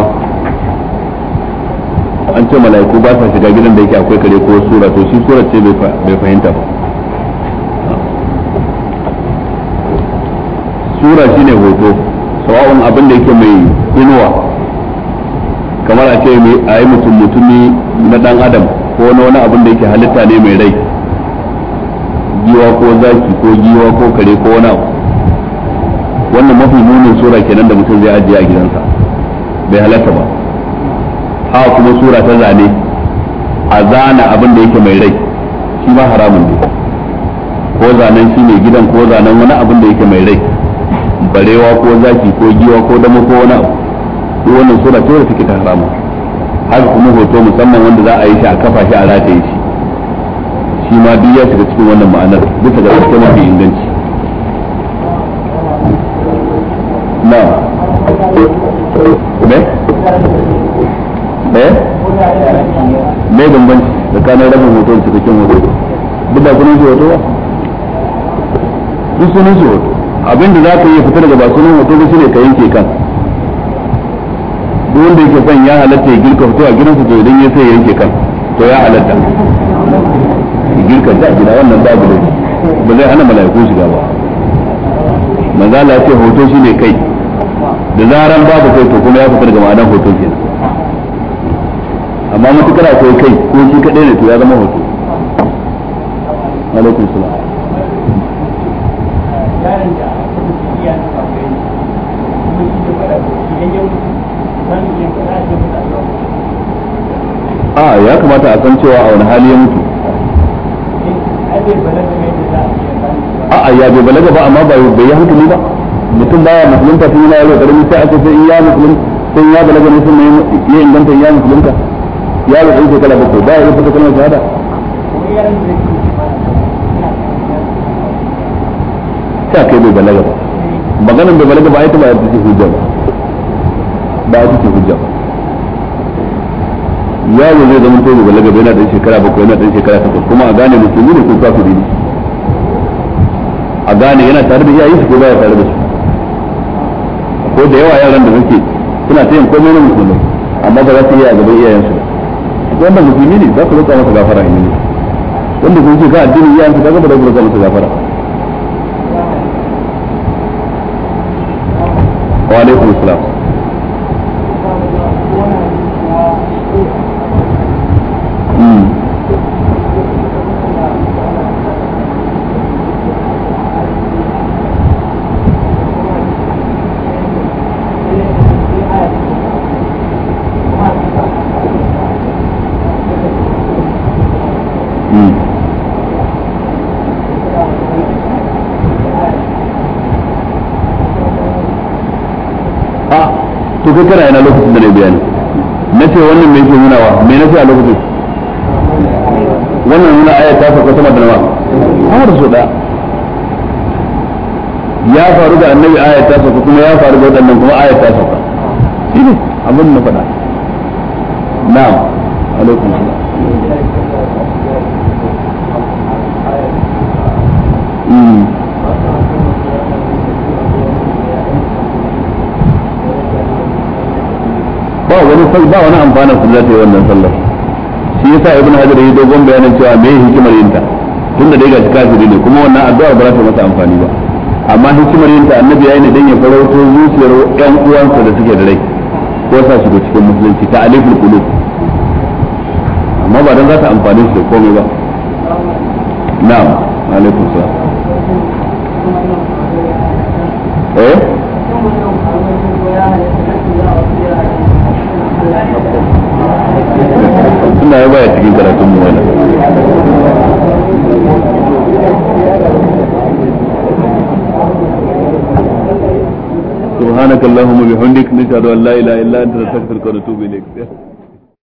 S1: an ce mala'iku ba sa shiga gidan da yake akwai kare ko sura to shi sura ce bai fahimta ba shi shine hoto sawa'un abin da yake mai inuwa kamar a ce mai yi mutum mutumi na dan adam ko na wani abin da yake halitta ne mai rai giwa ko zaki ko giwa ko kare ko wani abu wannan mafi munin sura kenan da mutum zai ajiye a gidansa bai halatta ba ha kuma sura ta zane a zana abin da yake mai rai shi ba haramun ne ko zanen shi ne gidan ko zanen wani abin da yake mai rai barewa ko zaki ko giwa ko dama ko wani abu duk wannan sura ce da take ta haramu haka kuma hoto musamman wanda za a yi shi a kafa shi a rataye shi shi ma duk ya shiga cikin wannan ma'anar bisa ga gaske mafi inganci na ne ne ne bambanci tsakanin rabin hoto da cikakken hoto duk da kunan shi hoto ba duk sunan shi hoto abinda za ka yi fita daga ba hoto ba shine ka yanke kan duk wanda yake son ya halatta ya girka fito a gidansa to idan ya sai yanke kan to ya halatta girka ta gida wannan babu da ba zai hana mala'iku shiga ba manzo Allah ce hoto shine kai da zaran babu kai to kuma ya fita daga ma'anar hoto kenan amma mutukar ko kai ko shi kadai ne to ya zama hoto alaikum salam a ya kamata a san cewa a wani hali ya mutu a a ya bai balaga ba amma ba bai yi hankali ba mutum baya musulunta tun yana yaro karami sai aka sai ya musulun sai ya balaga ne sun ya inganta ya musulunta ya yi ɗan shekara bakwai ba ya yi fata kalmar shahada ta kai bai balaga ba maganin bai balaga ba ai ta ba ya fi hujja ba ba a cikin hujja ba yaro zai zama to mubalaga bai na dan shekara bakwai yana dan shekara takwas kuma a gane musulmi ne ko kafiri ne a gane yana tare da iyayen su ko baya tare da su ko da yawa yaran da suke suna ta yin komai na musulmi amma ba za su iya a gaban iyayen su wanda musulmi ne za su roƙa masa gafara a ne wanda kun ce ka addinin iyayen su ba za su roƙa masa gafara wa alaikum assalam ko kana yana lokacin da na bayani na ce wannan mai ke nunawa mai na ce a lokacin wannan nuna aya ta farko sama da nawa kamar su da ya faru da annabi aya ta sauka kuma ya faru da wadannan kuma aya ta sauka shi ne abin na faɗa na'am alaikum salam ba wani ba wani amfana su za ta yi wannan sallar shi yasa ibnu hajar yayi dogon bayanin cewa me hikimar yin ta tunda dai ga kafiri ne kuma wannan addu'a ba za ta masa amfani ba amma hikimar yin ta annabi yayi ne dan ya farauto zuciyar ƴan uwansa da suke da rai ko sa su cikin musulunci ta alifu qulub amma ba dan za ta amfani su komai ba na'am alaikum salam eh wannan ya baya cikin karatun mu wannan سبحانك اللهم وبحمدك نشهد ان لا اله الا انت نستغفرك ونتوب اليك